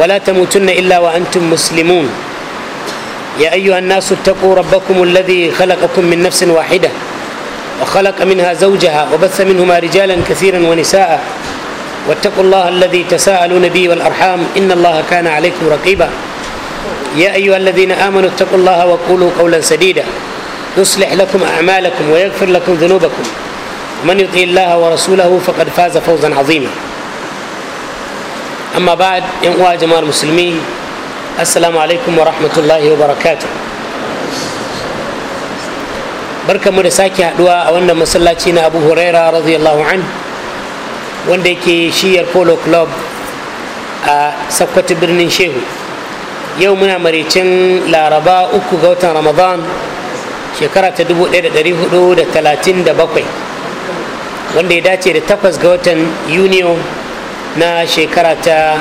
ولا تموتن الا وانتم مسلمون يا ايها الناس اتقوا ربكم الذي خلقكم من نفس واحده وخلق منها زوجها وبث منهما رجالا كثيرا ونساء واتقوا الله الذي تساءلون به والارحام ان الله كان عليكم رقيبا يا ايها الذين امنوا اتقوا الله وقولوا قولا سديدا يصلح لكم اعمالكم ويغفر لكم ذنوبكم ومن يطيع الله ورسوله فقد فاز فوزا عظيما amma ba yan uwa jama'ar musulmi assalamu alaikum wa rahmatullahi wa barakatu da sake haduwa a wannan masallaci na abu huraira radiyallahu an wanda yake shiyar polo club a sakwata birnin shehu yau muna maricin laraba uku ga watan ramadan shekara ta 1437 wanda ya dace da takwas ga watan yuniyo na shekara ta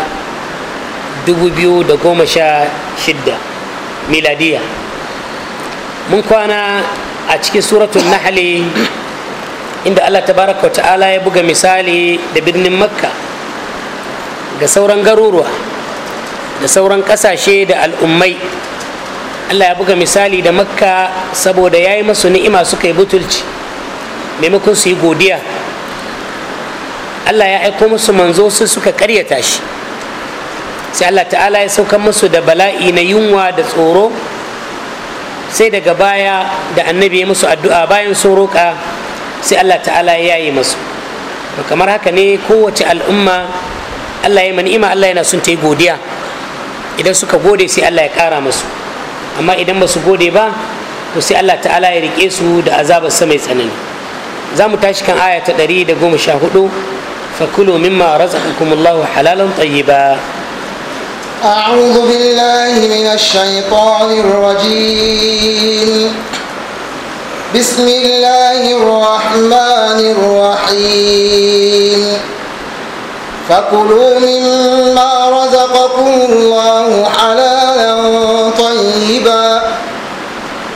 da goma sha 2016 miladiya mun kwana a cikin suratun nahali inda allah tabaraka wa ta'ala ya buga misali da birnin makka ga sauran garuruwa da sauran kasashe da al'ummai allah ya buga misali da makka saboda ya yi masu ni'ima suka yi butulci maimakon su yi godiya Allah ya aiko musu manzo su suka karyata shi sai Allah ta'ala ya sauka musu da bala'i na yunwa da tsoro sai daga baya da annabi ya musu addu'a bayan sun roƙa sai Allah ta'ala ya yi musu kamar haka ne kowace al'umma Allah ya man'ima Allah yana son ta yi godiya idan suka gode sai Allah ya kara musu amma idan ba su gode ba to sai Allah ta'ala ya rike su da azabar sa mai tsanani za mu tashi kan aya ta 114 فكلوا مما رزقكم الله حلالا طيبا أعوذ بالله من الشيطان الرجيم بسم الله الرحمن الرحيم فكلوا مما رزقكم الله حلالا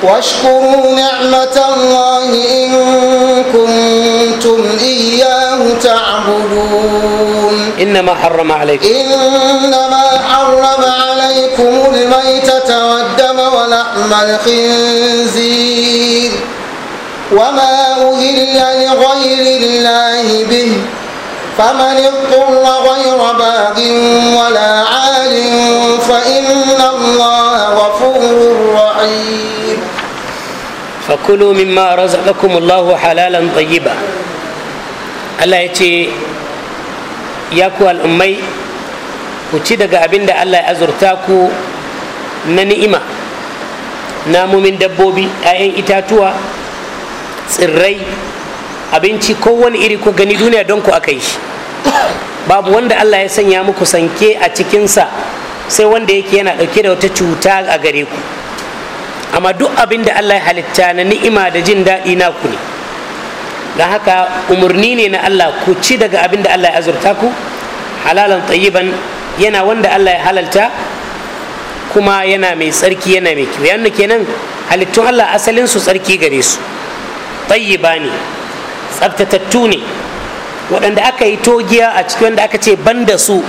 واشكروا نعمة الله إن كنتم إياه تعبدون إنما حرم عليكم إنما حرم عليكم الميتة والدم ولحم الخنزير وما أهل لغير الله به فمن اضطر غير باغ ولا عال فإن الله غفور رحيم fakulu mimma razaqakumullahu halalan tayyiba Allah ya ce ya ku al'ummai ku ci daga abinda da Allah ya azurta ku na ni'ima namomin dabbobi 'ya'yan itatuwa tsirrai abinci ko wani iri ku gani duniya don ku aka yi shi babu wanda Allah ya sanya muku sanke a cikinsa sai wanda yake yana ɗauke da wata cuta a gare ku amma duk abin da Allah ya halitta na ni'ima da jin daɗi na ku ne don haka umarni ne na Allah ku ci daga abin da Allah ya azurta ku halalan tayyiban yana wanda Allah ya halalta kuma yana mai tsarki yana mai kyau yana kenan halittun Allah asalin su tsarki gare su tayyiba ne tsaftatattu ne waɗanda aka yi togiya a cikin wanda aka ce ban da su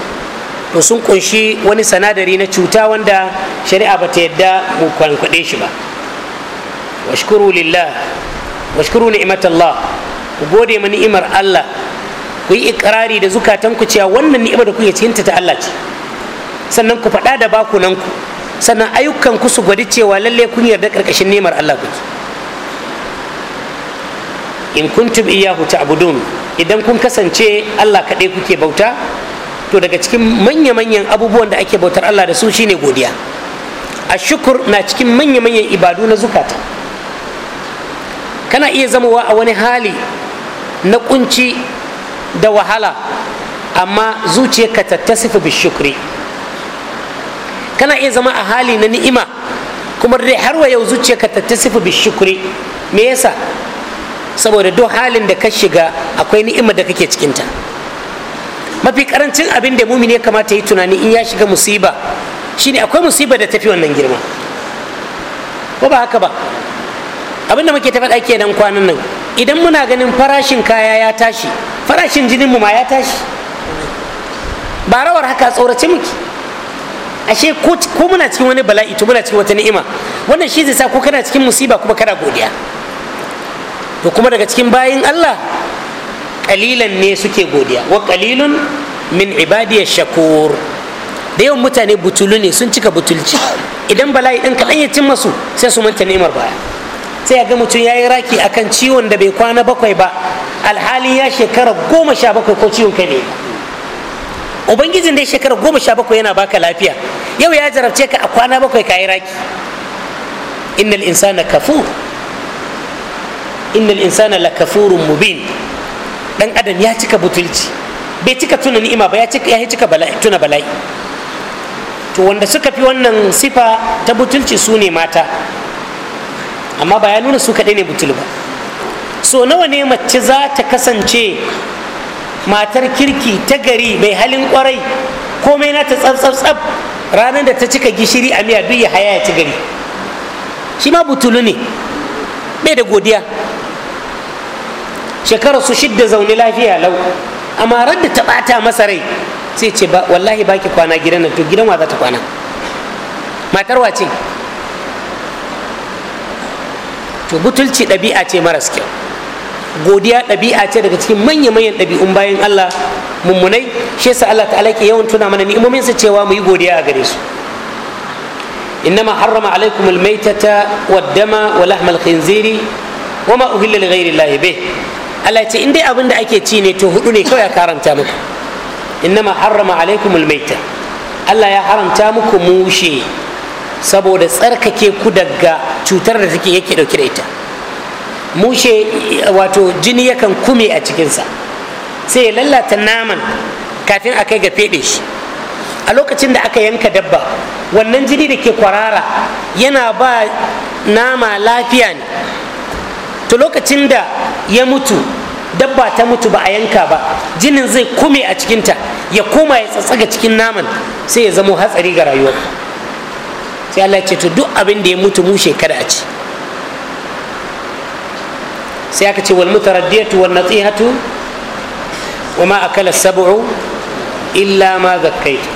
to sun kunshi wani sanadari na cuta wanda shari'a ba ta yadda mu kwankwaɗe shi ba washkuru lillah washkuru ni'matallah ku gode ma ni'imar Allah ku yi ikrari da zukatan ku cewa wannan ni'ima da kuke cikinta ta Allah ce sannan ku faɗa da nan ku sannan ayyukan ku su gwadi cewa lalle kun yarda karkashin ni'imar Allah kuke in kuntum iyyahu ta'budun idan kun kasance Allah kaɗai kuke bauta to daga cikin manya-manyan abubuwan da ake bautar Allah da su shine godiya a shukur na cikin manya-manyan ibadu na zukata kana iya zamowa a wani hali na kunci da wahala amma zuciyarka ta bi bishukri kana iya zama a hali na ni'ima kuma dai har wa yau zuciyarka ta tasifi bishukri me yasa saboda duk halin da ka shiga akwai ni'ima da kake cikinta mafi karancin abin da mumin ya kamata yi tunani in ya shiga musiba shine akwai musiba da tafi wannan girma ko ba haka ba abin da muke tafi ake nan kwanan nan idan muna ganin farashin kaya ya tashi farashin jinin mu ma ya tashi ba rawar haka tsorace muke ashe ko muna cikin wani bala'i to muna cikin wata ni'ima wannan shi zai sa ko kana cikin musiba kuma kana godiya to kuma daga cikin bayin Allah kalilan ne suke godiya wa kalilun min ibadiya shakur da yawan mutane butulu ne sun cika butulci idan bala'i ɗin kaɗan ya cin masu sai su manta ni'imar baya sai ga mutum ya yi raki akan ciwon da bai kwana bakwai ba alhali ya shekara goma sha bakwai ko ciwon kai ne ubangijin da shekara goma sha bakwai yana baka lafiya yau ya jarabce ka a kwana bakwai ka yi raki innal insana kafur innal insana la kafurun mubin dan adam ya cika butulci bai cika tuna ni'ima ba ya cika ya cika bala'i tuna bala'i to wanda suka fi wannan sifa ta butulci su ne mata amma ba ya nuna su kaɗai ne butul ba so nawa ne mace za ta kasance matar kirki ta gari mai halin kwarai komai na ta tsab ranar da ta cika gishiri a miya duk ya haya ya ci gari shi ma butulu ne bai da godiya shekarar su shidda zaune lafiya lau amma rar da ta bata masa rai sai ce ba wallahi baki kwana gidan nan to gidan wa za ta kwana matar wace to butulci ɗabi'a ce maras kyau godiya ɗabi'a ce daga cikin manya-manyan ɗabi'un bayan Allah mummunai shi yasa Allah ta'ala ke yawan tuna mana ni'imomin sa cewa mu yi godiya a gare su innama harrama alaikum almaitata wad-dama wa lahmal khinziri wa ma uhilla Allah in dai abin da ake ci ne to hudu ne kawai ya karanta muku innama harrama alaikumul maita Allah ya haramta muku mushe saboda tsarkake ku daga cutar da take yake dauke da ita mushe wato jini yakan kume a cikinsa sai ya lallata naman kafin a kai ga feɗe shi a lokacin da aka yanka dabba wannan jini da ke kwarara yana ba nama lafiya ne to lokacin da ya mutu dabba ta mutu ba a yanka ba jinin zai kume a cikinta ya koma ya tsatsaga cikin naman sai ya zamo hatsari ga rayuwar sai Allah ce to duk abin da ya mutu mu shekara a ci sai aka ce wal mutaraddiyatu wal nasihatu wa ma akala sab'u illa ma zakkaitu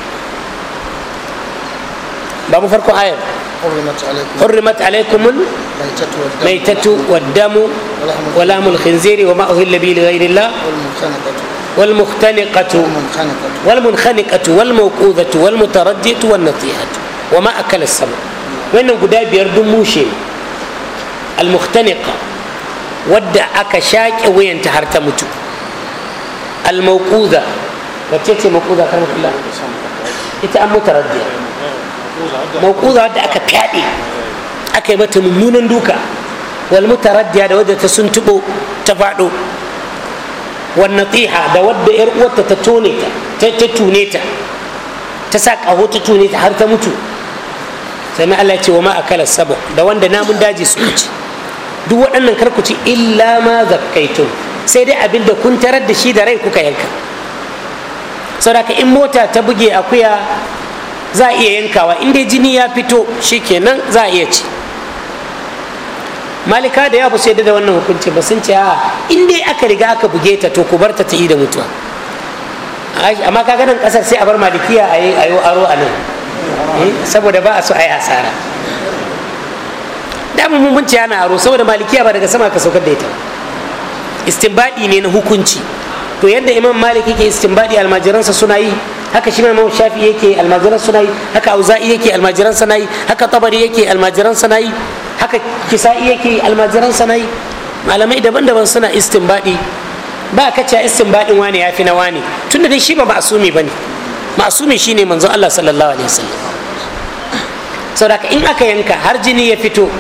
babu farko ayar حرمت عليكم حرمت عليكم الميتة والدم, ميتة والدم ولحم الخنزير وما أهل به لغير الله والمختنقة والمنخنقة والموقوذة والمتردية والنطيحة وما أكل السمع وإنهم قداب يردون موشي المختنقة ودع أكشاك وين تهرتمتو الموقوذة وتيتي موقوذة كلمة الله إتأم متردية mawkuza wadda aka fyaɗe aka yi mata mummunan duka wal mutaraddiya da wadda ta tubo ta faɗo wannan natiha da wadda yar uwarta ta tone ta ta tune ta ta sa kaho ta tune ta har ta mutu sai Allah ya ce wa ma akala sabu da wanda namun daji su ci duk waɗannan karkuci illa ma zakkaitun sai dai abin da kun tarar da shi da rai kuka yanka saboda in mota ta buge akuya za a iya yankawa in dai jini ya fito shikenan za a iya ci malika da ya bu sai da wannan hukunci ba sun ce a in dai aka riga aka buge ta to ku bar ta ta yi da mutuwa amma kaga nan kasar sai a bar malikiya a yi aro a nan eh, saboda ba a so a yi asara da mun mun ana aro saboda malikiya ba daga sama ka saukar da ita istinbadi ne na hukunci to yadda imam malik yake istinbadi almajiransa suna yi haka shi mai shafi yake almajiran suna yi haka auza'i yake almajiran suna yi haka tabari yake almajiran suna yi haka kisa'i yake almajiran suna yi malamai daban-daban suna istinbadi ba ka cewa istinbadin wane ya fi na wane tunda dai shi ba ma'asumi ba ne ma'asumi shine manzon Allah sallallahu alaihi wasallam saboda in aka yanka har jini ya fito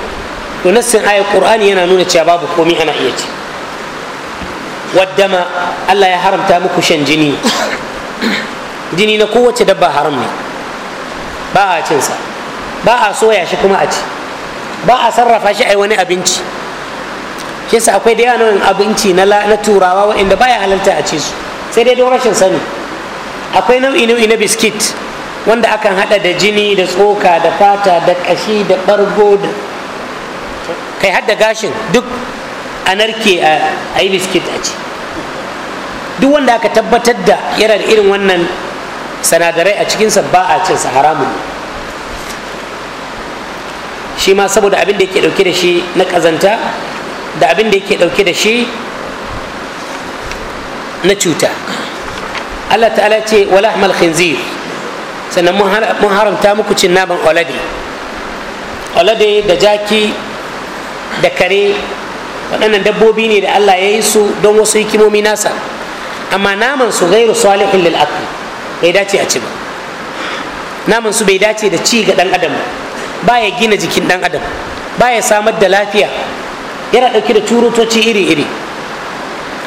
to nassin ayar qur'ani yana nuna cewa babu komi ana iya ci waddama Allah ya haramta muku shan jini jini na kowace dabba haram ne ba a cinsa ba a soya shi kuma a ci ba a sarrafa shi a wani abinci shi sa akwai da yawan abinci na turawa waɗanda baya halarta a ci su sai dai don rashin sani akwai nau'i nau'i na biskit wanda akan hada da jini da tsoka da fata da kashi da bargo da kai hada gashin duk a narke a yi biskit a ci duk wanda aka tabbatar da yana da irin wannan sanadarai a cikinsa ba a cinsa haramun shi ma saboda abin da yake dauke da shi na kazanta da abin da yake dauke da shi na cuta allah ta'ala ce wala ahmal khinzir sannan mun haramta muku cin naman olade olade da jaki da kare waɗannan dabbobi ne da allah ya yi su don wasu hikimomi nasa amma naman su gairu salihin lil bai dace a ci ba naman su bai dace da ci ga dan adam ba ya gina jikin dan adam ba ya samar da lafiya yana ɗauke da turutoci iri-iri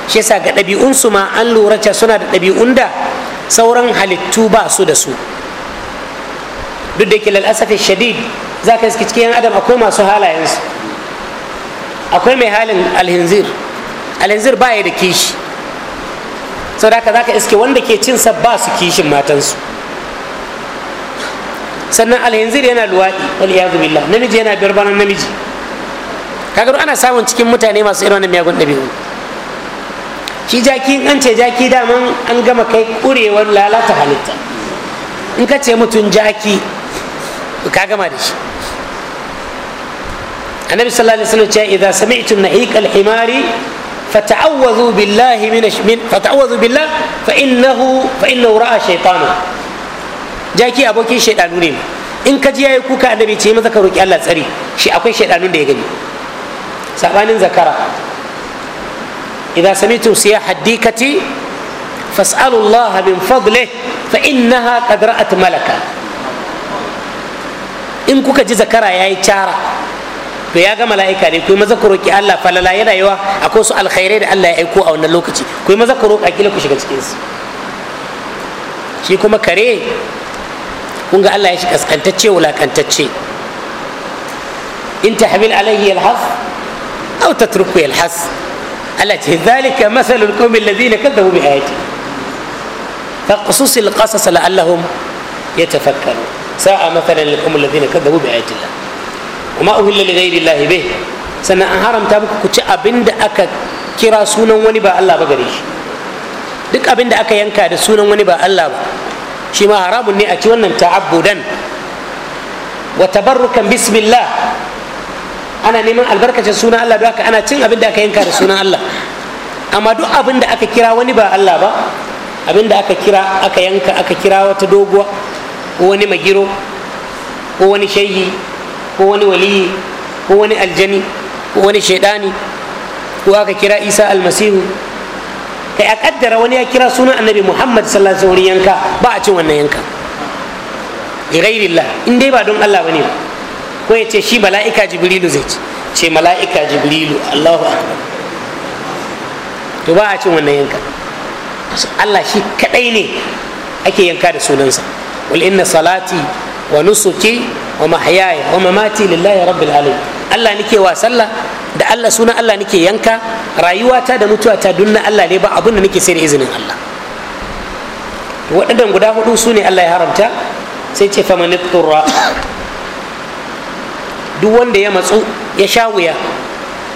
shi yasa ga su ma an lura cewa suna da ɗabi'un da sauran halittu ba su da su duk da yake asafi shadid za ka iske cikin adam akwai masu halayensu akwai mai halin alhinzir alhinzir ba ya da kishi sau da za ka iske wanda ke cin sa ba su kishin matansu sannan alhinzir yana luwaɗi waliyazu billah namiji yana biyar namiji kaga ana samun cikin mutane masu irin wannan miyagun ɗabi'u shi jaki an ce jaki daman an gama kai kurewar lalata halitta in ka ce mutum jaki ka gama da shi annabi sallallahu alaihi wasallam ce idza sami'tu na'iq himari فتعوذوا بالله من من فتعوذوا بالله فإنه فإنه رأى شيطانا جاكي أبوكي شيطانو ne in ka ji yayi kuka annabi ce masa ka roki Allah tsari shi akwai shaidanun da ya gani sabanin zakara idza samitum siyah hadikati fas'alu Allah min fadlih fa innaha qad ra'at malaka in kuka ji zakara yayi cara to ya ga mala'ika ne kuma maza ku roki Allah falala yana yawa akwai su alkhairai da Allah ya aiko a wannan lokaci kuma maza ku roka kila ku shiga cikin su shi kuma kare kun ga Allah ya shi kaskantacce wulakantacce in tahmil alaihi yalhas aw tatruku yalhas Allah ce zalika masalul qaumil ladina kadzabu bi ayati fa qusus al qasas la'allahum yatafakkarun sa'a mathalan lil qaumil ladina kadzabu bi ayati kuma uhilla li ghairi llahi bih sannan an haramta muku ku ci abinda aka kira sunan wani ba Allah ba gare shi duk abinda aka yanka da sunan wani ba Allah ba shi ma haramun ne a ci wannan ta'abbudan wa tabarrukan bismillah ana neman albarkacin sunan Allah don ana cin abin da aka yanka da sunan Allah amma duk abin da aka kira wani ba Allah ba abin da aka kira aka yanka aka kira wata doguwa ko wani magiro ko wani shayi ko wani waliyi ko wani aljani ko wani shaidani ko aka kira isa almasihu kai a kaddara wani ya kira sunan annabi muhammad sallallahu alaihi wasallam yanka ba a cin wannan yanka ghairillah in dai ba don allah bane ko ya ce shi mala'ika jibrilu zai ce ce mala'ika jibrilu allahu akbar to ba a cin wannan yanka allah shi kadai ne ake yanka da sunansa wal inna salati wa nusuki wa mahyaya wa mamati lillahi rabbil alamin Allah nike wa sallah da Allah suna Allah nike yanka rayuwata da mutuwata dunna Allah ne ba abin da nike sai da izinin Allah waɗannan guda hudu su ne Allah ya haramta sai ce fa manittura duk wanda ya matsu ya sha wuya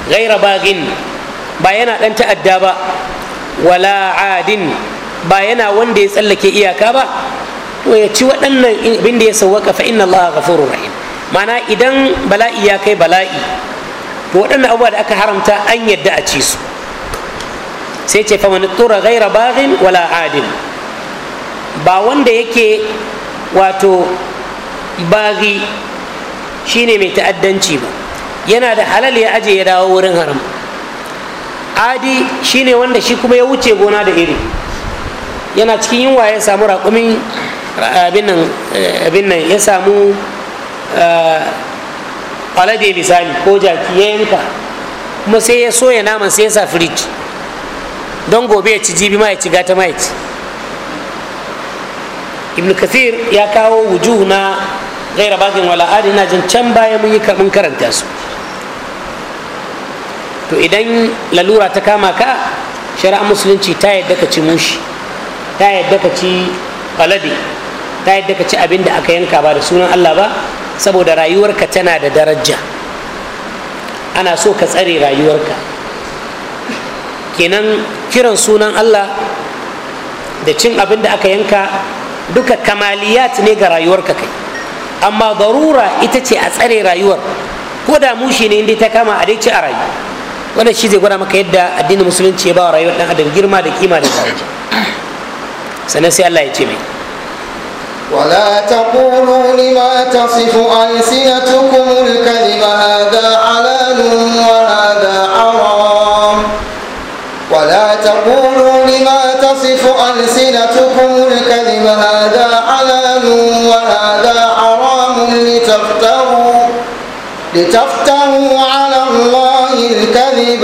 gaira bagin ba yana ɗan ta'adda ba wala adin ba yana wanda ya tsallake iyaka ba ya ci waɗannan abin da ya sauwaka fa inna allaha ghafurur rahim mana idan bala'i ya kai bala'i to waɗannan abubuwa da aka haramta an yadda a ci su sai ce fa man tura ghaira baghin wala adil ba wanda yake wato baghi shine mai ta'addanci ba yana da halal ya aje ya dawo wurin haram adi shine wanda shi kuma ya wuce gona da iri yana cikin yunwa ya samu raƙumin Eh, abin nan ya samu eh, alade misali ko jaki ya yanka kuma sai ya soya naman sai ya sa firiji don gobe ya ci jibi ma ya ci gata ma ya ci ibn kathir ya kawo wujuhu na gaira bakin wala adi na jin can baya mun yi karɓin karanta su to idan lalura ta kama ka shari'ar musulunci ta yadda ka ci mushi ta yadda ka ci alade ta yadda ka ci abin da aka yanka ba da sunan Allah ba saboda rayuwarka tana da daraja ana so ka tsare rayuwarka kenan kiran sunan Allah da cin abin da aka yanka duka kamaliyat ne ga rayuwarka kai amma darura ita ce a tsare rayuwar ko da mushi ne inda ta kama a dai ci a rayu wannan shi zai gwada maka yadda addinin musulunci ya ba wa rayuwar dan adam girma da kima da daraja sannan sai Allah ya ce mai ولا تقولوا لما تصف ألسنتكم الكذب هذا حلال وهذا حرام ولا تقولوا لما تصف ألسنتكم الكذب هذا حلال وهذا حرام لتفتروا لتفتروا على الله الكذب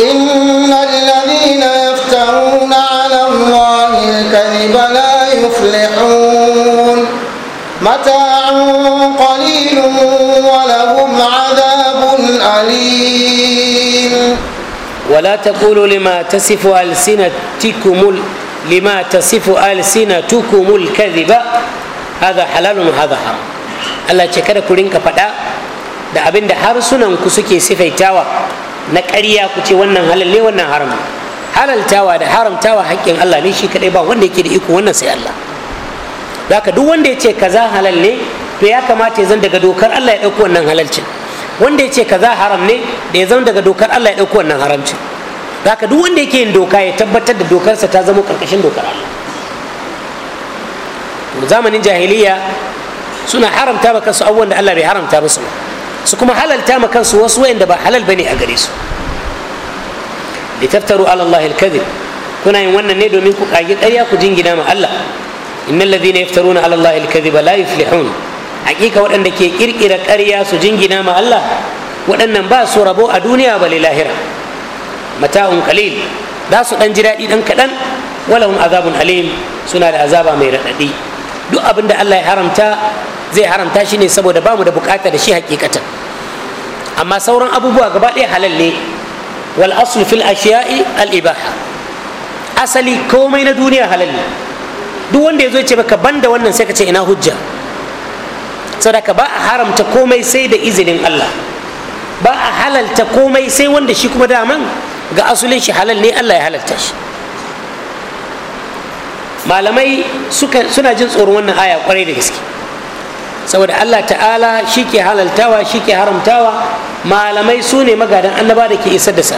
إن الذين يفترون على الله الكذب لا يفلحون متاع قليل ولهم عذاب أليم ولا تقولوا لما تصف ألسنتكم لما تصف ألسنتكم الكذب هذا حلال وهذا حرام Allah ce kada ku rinka faɗa da abin da harsunanku suke sifaitawa na ƙarya ku ce wannan halal ne wannan haram halaltawa da haramtawa haƙƙin Allah ne shi kadai ba wanda yake da iko wannan sai Allah haka duk wanda ya ce kaza halal ne to ya kamata ya zan daga dokar Allah ya ɗauko wannan halalcin wanda ya ce kaza haram ne da ya zan daga dokar Allah ya ɗauko wannan haramcin haka duk wanda yake yin doka ya tabbatar da dokarsa ta zama karkashin dokar Allah zamanin jahiliya suna haramta ma kansu abubuwan da Allah bai haramta musu su kuma halalta ma kansu wasu wayanda ba halal bane a gare su litaftaru ala allahi alkadhib kuna yin wannan ne domin ku kage ƙarya ku jingina ma Allah innal ladhina yaftaruna ala allahi alkadhiba la yuflihun hakika waɗanda ke kirkira ƙarya su jingina ma Allah waɗannan ba su rabo a duniya ba lahira mata'un qalil za su ɗan ji daɗi ɗan kaɗan walahum azabun alim suna da azaba mai raɗaɗi duk abin da Allah ya haramta zai haramta shi ne saboda bamu da buƙata da shi hakikatan amma sauran abubuwa gaba ɗaya halal ne wal aslu fil ashiya'i al ibaha asali komai na duniya halal ne duk wanda ya zo ce baka banda wannan sai ka ce ina hujja sadaka ba a haramta komai sai da izinin Allah ba a halalta komai sai wanda shi kuma daman ga asulin shi halal ne Allah ya halalta shi malamai suna jin tsoron wannan aya kwarai da gaske saboda Allah ta'ala shi ke halaltawa shi ke haramtawa malamai su ne magadan annaba da ke isa da sa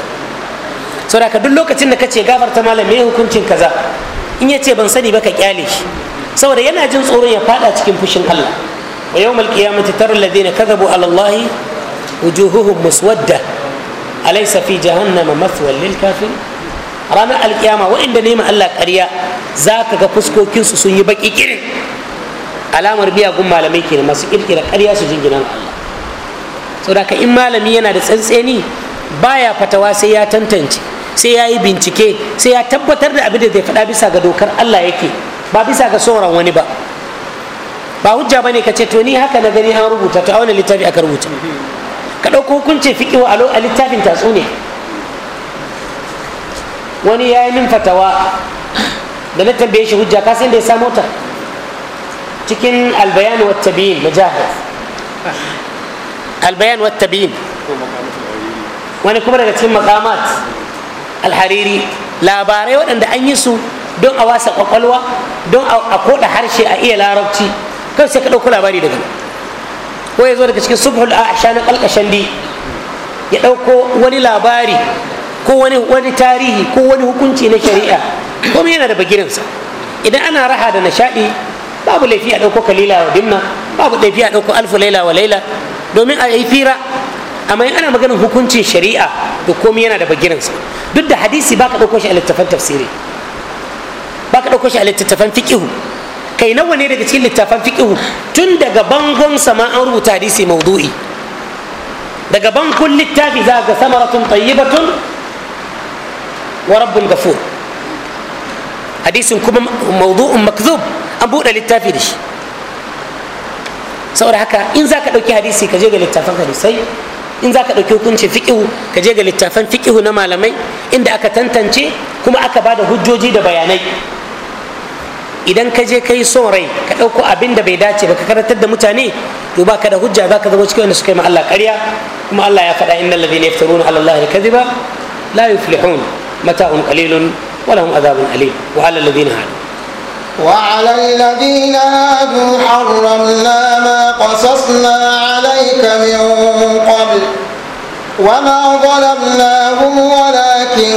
saboda duk lokacin da kace gafarta malam me hukuncin kaza in yace ban sani ba ka kyale shi saboda yana jin tsoron ya fada cikin fushin Allah wa yawmal qiyamati tara alladhina kadhabu ala Allah wujuhuhum muswadda alaysa fi jahannama mathwal lil kafir ranar alkiyama waɗanda ne Allah ƙarya za ka ga fuskokinsu sun yi baki alamar biya gun malamai kenan masu kirkira ƙarya su jinginan Allah saboda in malami yana da tsantseni baya fatawa sai ya tantance sai ya yi bincike sai ya tabbatar da abin da zai faɗa bisa ga dokar Allah yake ba bisa ga sauran wani ba ba hujja bane ka ce to ni haka na gani an rubuta to a wani littafi aka rubuta ka ɗauko hukuncin fiƙi wa a littafin tatsuniya wani ya yi min fatawa da na tambaye shi hujja ka san da ya samo ta cikin albayani wa tabi'in albayan wa wani kuma daga cikin makamat alhariri labarai waɗanda an yi su don a wasa kwakwalwa don a koda harshe a iya larabci kai sai ka ɗauko labari daga ko ya zo daga cikin subhul a'sha na kalkashandi ya ɗauko wani labari ko wani wani tarihi ko wani hukunci na shari'a komai yana da bagirinsa idan ana raha da nishaɗi babu laifi a ɗauko kalila wa dimna babu laifi a ɗauko alfu laila wa laila domin a yi fira amma in ana maganin hukuncin shari'a da komai yana da bagiransa duk da hadisi ba ka ɗauko shi a littattafan tafsiri ba ka ɗauko shi a littattafan fiƙihu kai nawa ne daga cikin littattafan fiƙihu tun daga bangon sama an rubuta hadisi maudu'i daga bankun littafi za ga samaratun tayyibatun wa rabbul gafur hadisin kuma maudu'un makzub an buɗe littafi da shi saboda haka in za ka ɗauki hadisi ka je ga littafan hadisai in za ka ɗauki hukuncin fiƙihu ka je ga littafan fiƙihu na malamai inda aka tantance kuma aka ba da hujjoji da bayanai idan ka je yi son rai ka ɗauko abin da bai dace ba ka karantar da mutane to ba ka da hujja za ka zama cikin wanda suka yi ma Allah ƙarya kuma Allah ya faɗa innal ladina yaftaruna ala Allah al-kadhiba la yuflihun mata'un qalilun wa lahum adhabun alim wa ala alladhina hadu وعلى الذين هادوا حرمنا ما قصصنا عليك من قبل وما ظلمناهم ولكن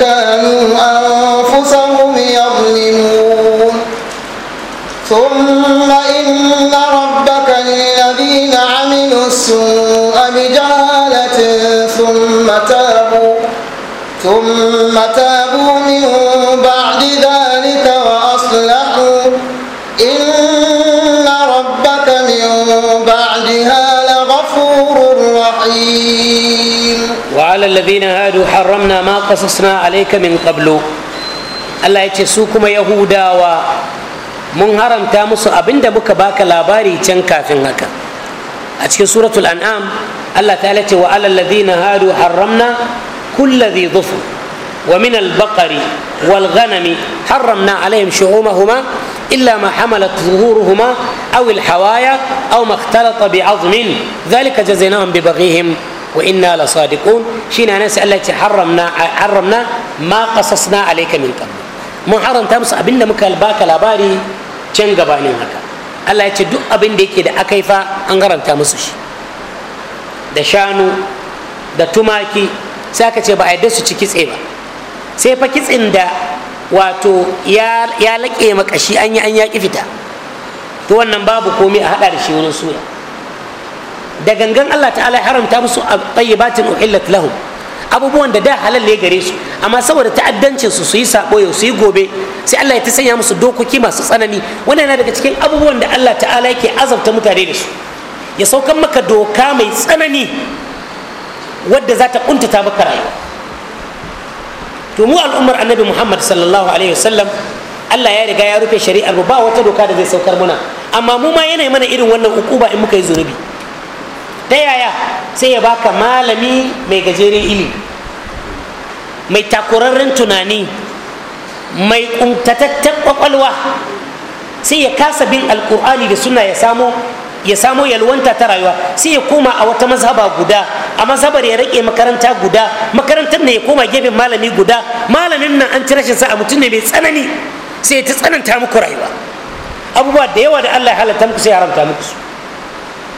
كانوا أنفسهم يظلمون ثم إن ربك للذين عملوا السوء بجهالة ثم تابوا ثم تابوا من وعلى الذين هادوا حرمنا ما قصصنا عليك من قبل الله يتي يهودا و من هرم تامس أبند بك باك لاباري تنكا في نكا أتكي سورة الأنعام الله تعالى وعلى الذين هادوا حرمنا كل ذي ظفر ومن البقر والغنم حرمنا عليهم شعومهما إلا ما حملت ظهورهما أو الحوايا أو ما اختلط بعظم ذلك جزيناهم ببغيهم wa inna la sadiqun shine nan sai Allah ce haramna ma qasasna alayka min mun haramta musu abin da muka baka labari can gabanin haka Allah ya ce duk abin da yake da yi fa an haramta musu shi da shanu da tumaki sai aka ce ba a yadda su ci kitse ba sai fa kitsin da wato ya laƙe makashi an yi an yaƙi fita to wannan babu komai a haɗa da shi wurin suya da gangan Allah ta'ala ya haramta musu tayyibatin uhillat lahum abubuwan da da halal ne gare su amma saboda ta'addancin su su yi sabo yau su yi gobe sai Allah ya ta sanya musu dokoki masu tsanani wannan yana daga cikin abubuwan da Allah ta'ala yake azabta mutane da su ya saukan maka doka mai tsanani wadda za ta kuntata maka rayu. to mu al'ummar annabi Muhammad sallallahu alaihi wasallam Allah ya riga ya rufe shari'ar ba wata doka da zai saukar muna amma mu ma yana mana irin wannan ukuba in muka yi zunubi ta yaya sai ya baka malami mai gajeren ilimi mai takurarren tunani mai kumtatattar kwakwalwa sai ya kasa bin alkur'ani da suna ya samo ya samo yalwanta ta rayuwa sai ya koma a wata mazhaba guda a mazhabar ya rike makaranta guda makarantar ne ya koma gefen malami guda malamin nan an ci rashin sa a mutum ne mai tsanani sai ya ta tsananta muku rayuwa abubuwa da yawa da Allah ya halatta muku sai ya haramta muku su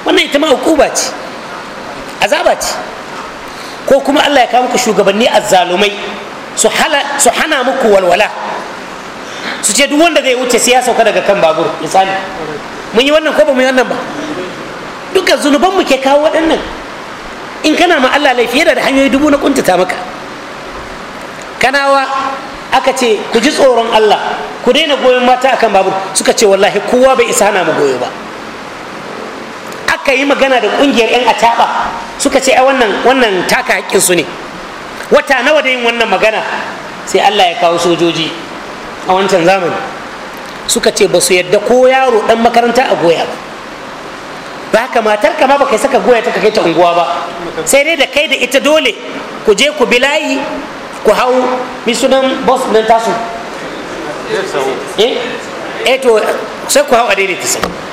wannan ita ma hukuma ce azaba ce ko kuma allah ya kawo muku shugabanni azzalumai su hana muku walwala su ce duk wanda zai wuce sai ya sauka daga kan babur misali mun yi wannan ko ba mu yi wannan ba dukkan zunubanmu ke kawo waɗannan in kana ma Allah laifi yana da hanyoyi dubu na kuntata maka kanawa aka ce ku ji tsoron Allah ku daina goyon mata akan babur suka ce wallahi kowa bai isa hana mu goyo ba aka yi magana da kungiyar 'yan ataba suka ce ai wannan wannan taka su ne wata nawa da yin wannan magana sai allah ya kawo sojoji a wancan zamani suka ce ba su yadda ko yaro dan makaranta a goya ba ba haka matar kama ba kai saka goya ta kai ta unguwa ba sai dai da kai da ita dole ku je ku bi layi ku hau misunan bus nan tasu eh? eh to sai ku hau a daidaita sai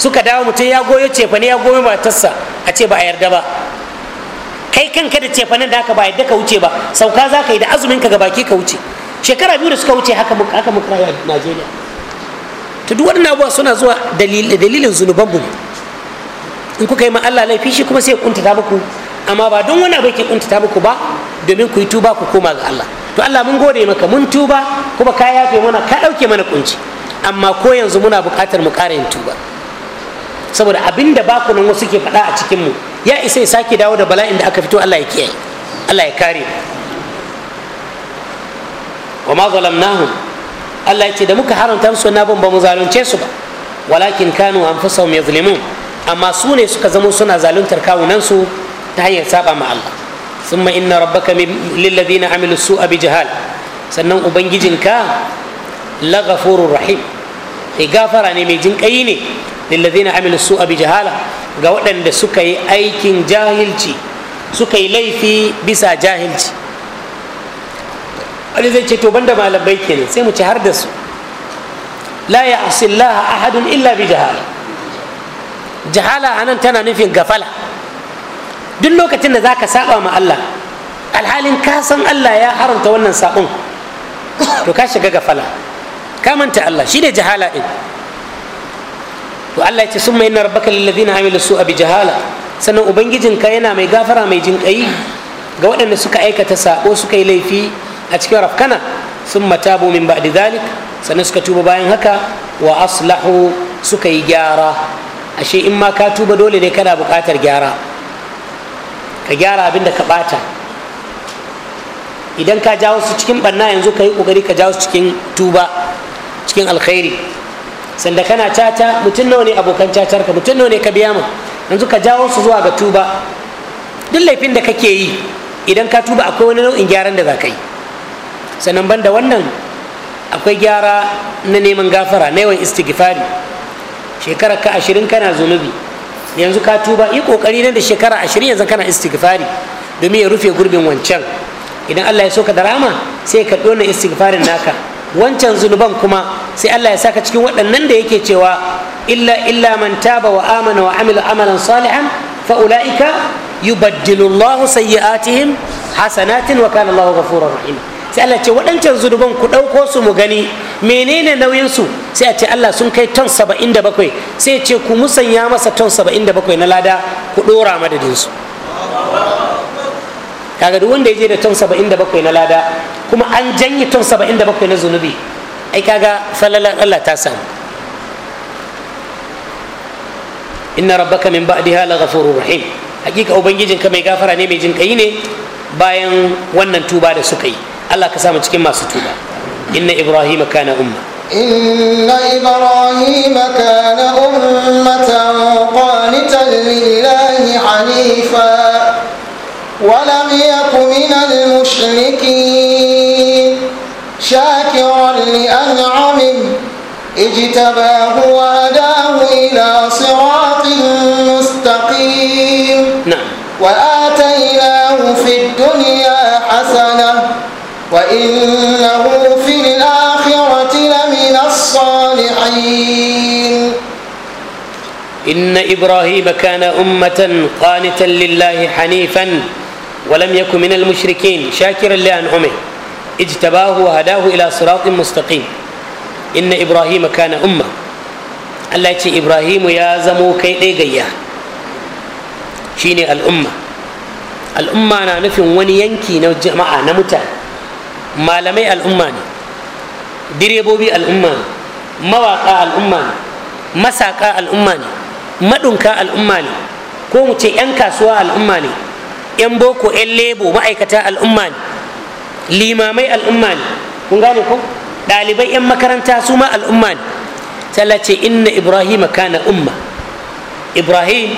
suka dawo mutum ya goyo cefane ya goyo matarsa a ce ba a yarda ba kai kanka da cefanen da aka ba yadda ka wuce ba sauka za ka yi da azumin ka gabaki ka wuce shekara biyu da suka wuce haka haka muka a Najeriya to duk suna zuwa dalilin zunuban mu in kuka yi ma Allah laifi shi kuma sai ya kuntata muku amma ba don wani abu ke kuntata muku ba domin ku yi tuba ku koma ga Allah to Allah mun gode maka mun tuba kuma ka yafe mana ka dauke mana kunci amma ko yanzu muna buƙatar mu ƙara yin tuba saboda abin da bakunan wasu ke faɗa a cikin mu ya isa ya sake dawo da bala'in da aka fito Allah ya kiyaye Allah ya kare wa ma zalamnahum Allah ya ce da muka haramta musu na ban ba mu zalunce su ba walakin kanu anfusahum yazlimun amma su ne suka zama suna zaluntar kawunan su ta hanyar saba ma Allah thumma inna rabbaka lil ladina amilu su'a bi jahal sannan ubangijinka la rahim mai gafara ne mai jinƙayi ne lillazina amilu su'a bi jahala ga waɗanda suka yi aikin jahilci suka yi laifi bisa jahilci wani zai ce to banda malamai kenan sai mu ci har da su la ya asillaha ahadun illa bi jahala jahala anan tana nufin gafala duk lokacin da zaka saba ma Allah alhalin ka san Allah ya haramta wannan sabon to ka shiga gafala ka manta Allah ne jahala din to Allah ya ce summa inna rabbaka lil ladina amilu su bi jahala sannan ubangijinka yana mai gafara mai jinƙayi ga waɗanda suka aikata sako suka yi laifi a cikin rafkana sun matabu min ba'di dhalik sannan suka tuba bayan haka wa aslahu suka yi gyara ashe in ma ka tuba dole ne kana buƙatar gyara ka gyara abin da ka ɓata idan ka jawo su cikin ɓanna yanzu ka yi ƙoƙari ka jawo su cikin tuba cikin alkhairi sanda kana caca mutum nawa ne abokan cacar ka mutum nawa ne ka biya mu yanzu ka jawo su zuwa ga tuba duk laifin da kake yi idan ka tuba akwai wani nau'in gyaran da za ka yi sannan banda wannan akwai gyara na neman gafara na yawan istighfari shekara ka ashirin kana zunubi yanzu ka tuba yi kokari nan da shekara ashirin yanzu kana istighfari domin ya rufe gurbin wancan idan allah ya so ka da rama sai ka ɗona istighfarin naka wancan zunuban kuma sai Allah ya saka cikin waɗannan da yake cewa illa illa man taba wa amana wa amila amalan salihan fa ulaika yubaddilu Allahu sayyi'atihim hasanatin wa kana Allahu ghafurur rahim sai Allah ce waɗancan zunuban ku ɗauko su mu gani menene nauyin su sai a ce Allah sun kai ton 77 sai ce ku musanya masa ton 77 na lada ku ɗora madadin su kaga duk wanda ya je da ton 77 na lada kuma an janye ton 77 na zunubi ai kaga falalar Allah ta samu inna rabbaka min ba'diha ghafurur rahim hakika ka mai gafara ne mai jin kai ne bayan wannan tuba da suka yi Allah ka samu cikin masu tuba inna ibrahima kana umma إن إبراهيم كان أمة قانتا لله حنيفاً ولم يك من المشركين شاكرا لأنعمه اجتباه وهداه إلى صراط مستقيم نعم وآتيناه في الدنيا حسنة وإنه في الآخرة لمن الصالحين إن إبراهيم كان أمة قانتا لله حنيفا ولم يكن من المشركين شاكرا لأنعمه اجتباه وهداه إلى صراط Inna إن إبراهيم كان أمة Allah ce Ibrahimu ya zamo kai ɗaya gayya shine al'umma al'umma na nufin wani yanki na jama'a na mutane malamai al'umma ne direbobi al'umma ne mawaƙa al'umma ne masaƙa al'umma ne maɗunka al'umma ne ko mu ce 'yan kasuwa al'umma ne yan boko yan lebo ma'aikata al'umma ne limamai al'umma ne kun gane ko ɗalibai yan makaranta su ma al'umma ne sai ce inna ibrahim kana umma ibrahim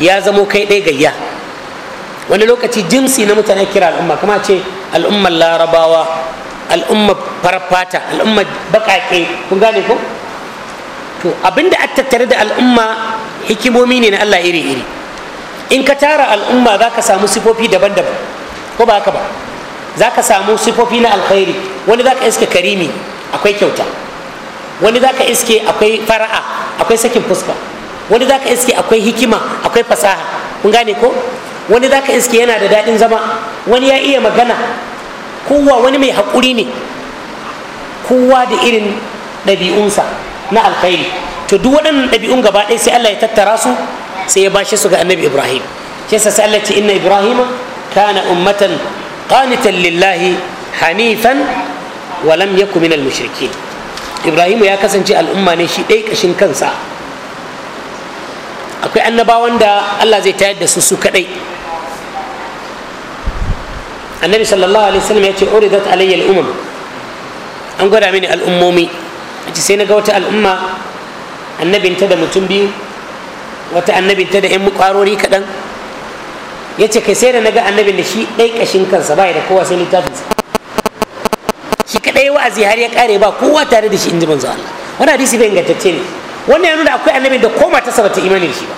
ya zamo kai ɗaya gayya wani lokaci jinsi na mutane kira al'umma kuma ce al'ummar larabawa al'ummar farfata al'ummar baƙaƙe kun gane ko to abinda a tattare da al'umma hikimomi ne na allah iri-iri in ka tara al'umma za ka samu sifofi daban-daban ko ba haka ba za ka samu sifofi na alkhairi wani za ka iske karimi akwai kyauta wani za ka iske akwai fara'a akwai sakin fuska wani za ka iske akwai hikima akwai fasaha kun gane ko wani za ka iske yana da daɗin zama wani ya iya magana kowa wani mai haƙuri ne kowa da irin ɗabi'unsa na alkhairi to duk waɗannan ɗabi'un gaba ɗaya sai allah ya tattara su sai ya bashi su ga annabi ibrahim shi yasa sai ce inna ibrahima kana ummatan qanitan lillahi hanifan wa lam yakun minal mushrikin ibrahim ya kasance al'umma ne shi ɗai kashin kansa akwai annabawan da Allah zai tayar da su su kadai annabi sallallahu alaihi wasallam ya ce uridat alayya al'umam an gwada mini al'ummomi ce sai na ga wata al'umma annabinta da mutum biyu wata annabin ta da 'yan kwarori kaɗan ya ce kai sai da naga annabin da shi ɗai ƙashin kansa ba da kowa sai littafinsa shi kaɗai wa'azi har ya ƙare ba kowa tare da shi in ji manzo Allah wani hadisi bai ingantacce ne wannan ya nuna akwai annabin da ko matarsa ba ta imani da shi ba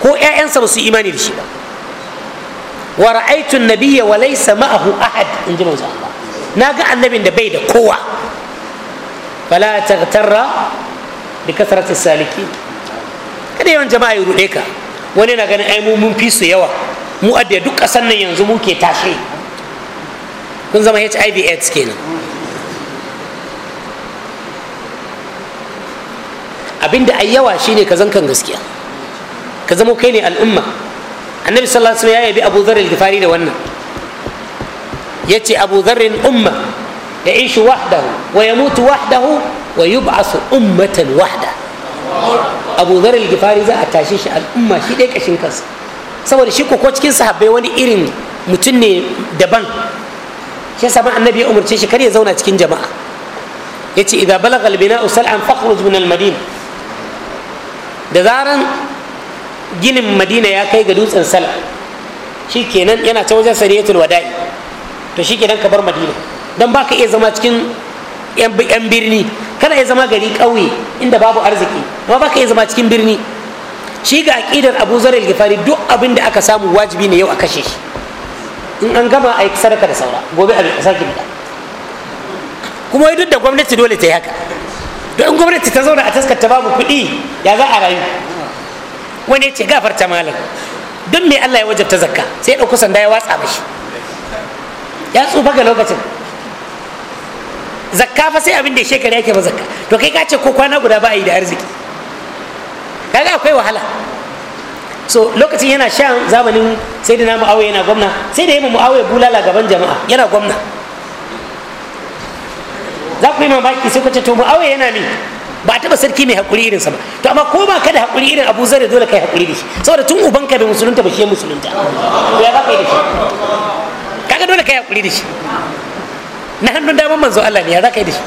ko ƴaƴansa ba su imani da shi ba wa ra'aytun nabiyya wa laysa ma'ahu ahad in ji manzo Allah naga annabin da bai da kowa fala taghtarra bi kasrati salikin kada yawan jama'a ya ruɗe ka wani na ganin ai mun fi su yawa mu adda duk ƙasar nan yanzu mu ke tashe kun zama hiv aids kenan abinda ai yawa shine ka zankan gaskiya ka kai ne al'umma annabi sallallahu alaihi wasallam ya yabi abu dharr al-ghifari da wannan yace abu dharr umma يعيش وحده wahdahu wa ويبعث ummatan وحده abu zarar gifari za a tashe shi al'umma shi ɗaya ƙashin kansa saboda shi ko cikin sahabbai wani irin mutum ne daban shi saban annabi ya umarce shi kar ya zauna cikin jama'a ya ce idan balagal bina usal an fakhruj min madina da zaran ginin madina ya kai ga dutsen sala shi kenan yana ta wajen sariyatul wada'i to shi kenan ka bar madina don ba ka iya zama cikin 'yan birni kana ya zama gari kauye inda babu arziki amma baka ya zama cikin birni shi ga aƙidar abu zarar gifari duk abin da aka samu wajibi ne yau a kashe shi in an gama a yi sadaka da saura gobe a ki bida kuma duk da gwamnati dole ta yi haka don in gwamnati ta zauna a taskata babu kuɗi ya za a rayu wani ya ce gafarta malam don me allah ya wajabta zakka sai ya ɗauko sanda ya watsa mashi ya tsufa ga lokacin zakka fa sai abin da shekara yake ba zakka to kai ka ce ko kwana guda ba yi da arziki kaga akwai wahala so lokacin yana shan zamanin sai da namu awe yana gwamna sai da yamma awe bulala gaban jama'a yana gwamna za ku yi mamaki sai ku ce to awe yana min ba a taɓa sarki mai haƙuri irinsa ba to amma ko ba ka da haƙuri irin abu zare dole kai haƙuri da shi saboda tun ka bai musulunta ba shi ya musulunta to ya za ka da shi kaga dole kai haƙuri da shi na hannun damar manzo Allah ne ya raka da shi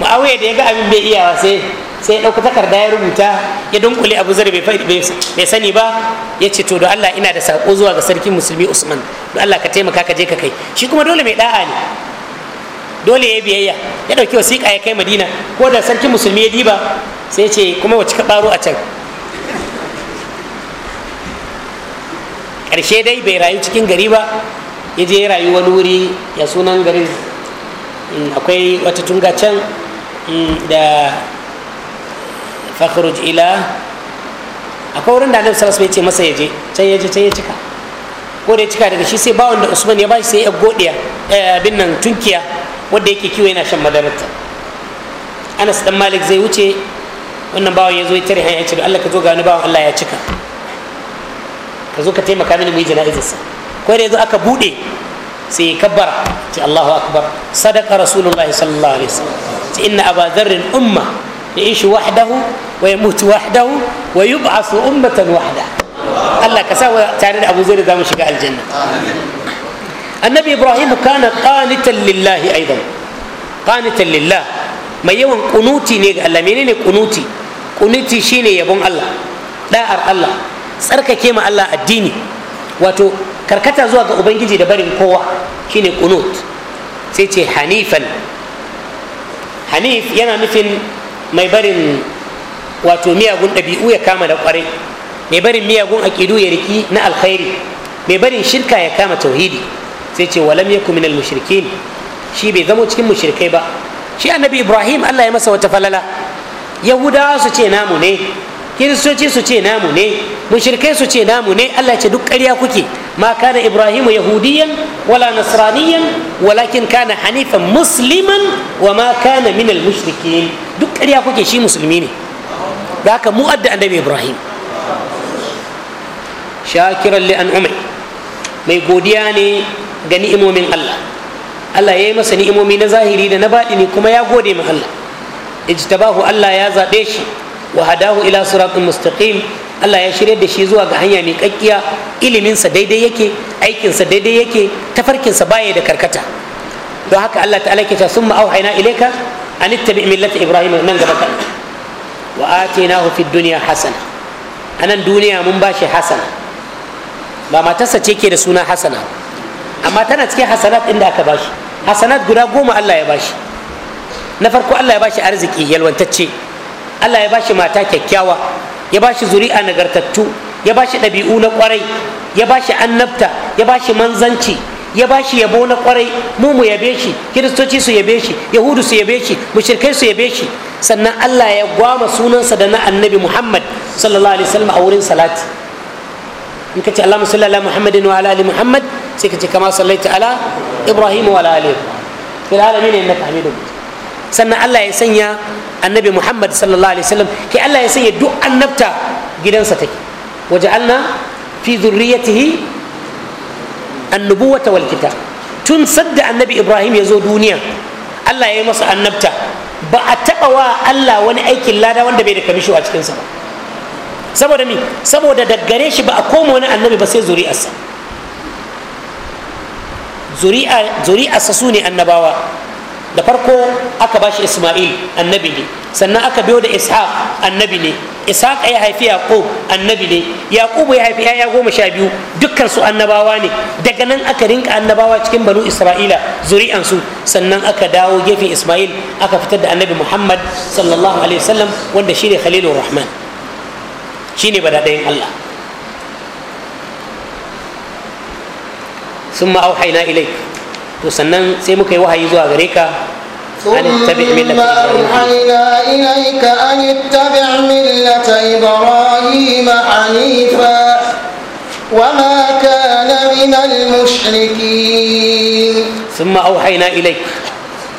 mu'awiya da ya ga abin bai iyawa sai sai ya ɗauki takarda ya rubuta ya dunkule abu zar bai sani ba ya ce to da Allah ina da sako zuwa ga sarkin musulmi usman da Allah ka taimaka ka je ka kai shi kuma dole mai da'a ne dole ya biyayya ya ɗauki wasiƙa ya kai madina ko da sarkin musulmi ya diba sai ce kuma wace ka ɓaro a can Karshe dai bai rayu cikin gari ba ya je rayu wani wuri ya sunan garin mm, akwai wata tunga can mm, da fakhruj ila akwai wurin da annabi sallallahu alaihi wasallam ya ce masa ya je can ya je can ya cika ko da ya cika daga shi sai bawon da usman ya bashi sai ya godiya eh, abin nan tunkiya wanda yake kiwo yana shan madararta anas dan malik zai wuce wannan bawan ya zo ya tare hanya ya ce Allah ka zo ga wani bawon Allah ya cika ka zo ka taimaka mini mu yi jana'izarsa akwai da yanzu aka bude sai ya kabbara ce Allahu akbar sadaka rasulullahi sallallahu alaihi wasallam ce inna aba dharrin umma ya ishi wahdahu wa mutu wahdahu wa yub'athu ummatan wahda Allah ka sa tare da Abu Zar zamu shiga aljanna annabi Ibrahim kana qanitan lillahi aidan qanitan lillah mai yawan kunuti ne ga Allah menene kunuti kunuti shine yabon Allah da'ar Allah tsarkake ma Allah addini wato karkata zuwa ga ubangiji da barin kowa shine qunut sai ce hanifan hanif yana nufin mai barin wato miyagun ɗabi'u ya kama da ƙwarai mai barin miyagun aƙidu ya riki na alkhairi mai barin shirka ya kama tauhidi sai ce walam yakun minal mushrikin shi bai zama cikin mushrikai ba shi annabi ibrahim allah ya masa wata falala yahudawa su ce namu ne kiristoci su ce namu ne mushrikai su ce namu ne Allah ce duk ƙarya kuke ma kana ibrahim yahudiyan wala nasraniyan walakin kana hanifan musliman wa ma kana minal mushrikin duk ƙarya kuke shi musulmi ne da haka mu adda annabi ibrahim shakiran li an'umai mai godiya ne ga ni'imomin Allah Allah ya yi masa ni'imomi na zahiri da na baɗi ne kuma ya gode ma Allah ijtabahu Allah ya zaɓe shi wa hadahu ila siratin mustaqim Allah ya shirya da shi zuwa ga hanya mai kakkiya iliminsa daidai yake aikinsa daidai yake tafarkinsa baya da karkata don haka Allah ta'ala ke ta sun ma'auhaina ilaika an ittabi millata ibrahim nan gaba kan wa atinahu fid dunya hasana anan duniya mun bashi hasana ba matarsa ce ke da suna hasana amma tana cikin hasanat inda aka bashi hasanat guda goma Allah ya bashi na farko Allah ya bashi arziki yalwantacce Allah ya bashi mata kyakkyawa ya bashi zuri'a nagartattu ya bashi ɗabi'u na ƙwarai ya bashi annabta ya bashi manzanci ya bashi yabo na ƙwarai mu mu yabe shi kiristoci su yabe shi yahudu su yabe shi mushrikai su yabe shi sannan Allah ya gwama sunansa da na annabi Muhammad sallallahu alaihi wasallam a wurin salati in ka ce ala Muhammadin wa ala ali Muhammad sai ka ce kama sallaita ala Ibrahim wa ala ali fil alamin innaka Majid sannan Allah ya sanya annabi Muhammad sallallahu alaihi wasallam ke Allah ya sanya duk annabta gidansa take waja'alna fi zurriyatihi annubuwata wal kitab tun sadda annabi Ibrahim ya zo duniya Allah ya yi masa annabta ba a taɓa wa Allah wani aikin lada wanda bai da kamisho a cikinsa ba saboda mi saboda daggare shi ba a koma wani annabi ba sai zuri'arsa zuri'arsa su ne annabawa da farko aka ba shi isma'il annabi ne sannan aka biyo da ishaq annabi ne ishaq ya haifi yaqub annabi ne yaqub ya haifi yaya goma sha biyu dukkan su annabawa ne daga nan aka rinka annabawa cikin banu isra'ila zuri'an su sannan aka dawo gefe isma'il aka fitar da annabi muhammad sallallahu alaihi wasallam wanda shine khalilur rahman shine badadayin allah ثم أوحينا إليك to sannan sai muka yi wahayi zuwa gare ka أن اتبع ملة أوحينا إليك أن اتبع ملة إبراهيم حنيفا وما كان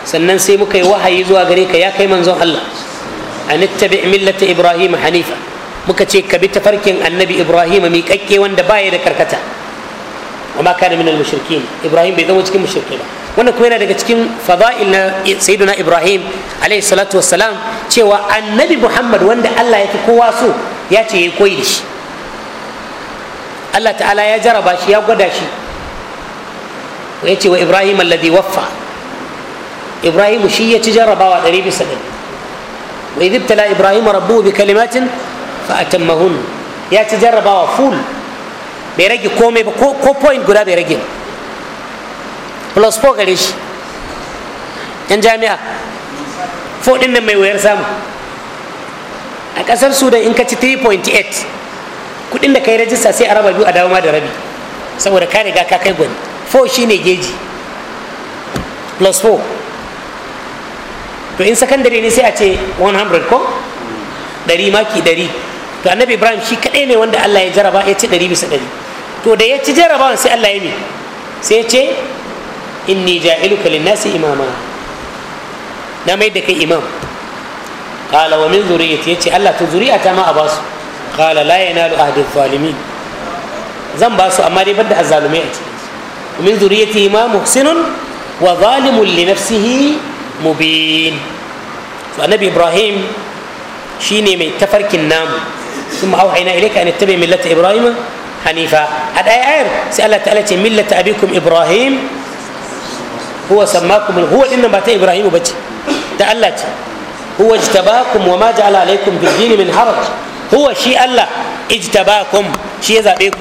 sannan sai muka yi wahayi zuwa gare ka ya kai manzon Allah an ittabi millata ibrahim hanifa muka ce ka bi tafarkin annabi ibrahim miƙaƙƙe wanda baya da karkata amma kana minal mushrikin ibrahim bai zama cikin mushrike ba wannan kuma yana daga cikin fada'il na sayyiduna ibrahim alaihi salatu wassalam cewa annabi muhammad wanda allah ya fi kowa so ya ce ya koyi da shi allah ta'ala ya jaraba shi ya gwada shi ya ce wa ibrahim alladhi waffa ibrahim shi ya ci jarabawa ɗari bisa ɗari wa idh ibrahim rabbuhu bi kalimatin fa atammahun ya ci jarabawa full bai rage komai ba ko point guda bai rage plus 4 gare shi yan jami'a 4 din nan mai wayar samu a ƙasar sudan in ka ci 3.8 kudin da ka yi rajista sai a raba biyu a dawo ma da rabi saboda ka riga ka kai gwani 4 shine geji plus 4 to in sakandare ne sai a ce 100 ko 100 maki 100 to annabi ibrahim shi kadai ne wanda allah ya jaraba ya ci 100 bisa 100 to da ya ci jarabawan sai Allah ya mi sai ya ce inni ja'iluka linnasi imama na mai da kai imam qala wa min zuriyati yace Allah to zuriyata ma a basu qala la yanalu ahdi zalimin zan ba su amma dai da azzalumai a cikin su min zuriyati ma muhsinun wa zalimun li nafsihi mubin to annabi ibrahim shine mai tafarkin namu ثم أوحينا إليك أن اتبع ملة إبراهيم hanifa a ɗaya ayar sai Allah ta'ala ce millata abikum ibrahim huwa sammakum huwa din ba ta ibrahim ba ce ta Allah ce huwa ijtabakum wa ma ja'ala alaikum fid din min haraj huwa shi Allah ijtabakum shi ya zabe ku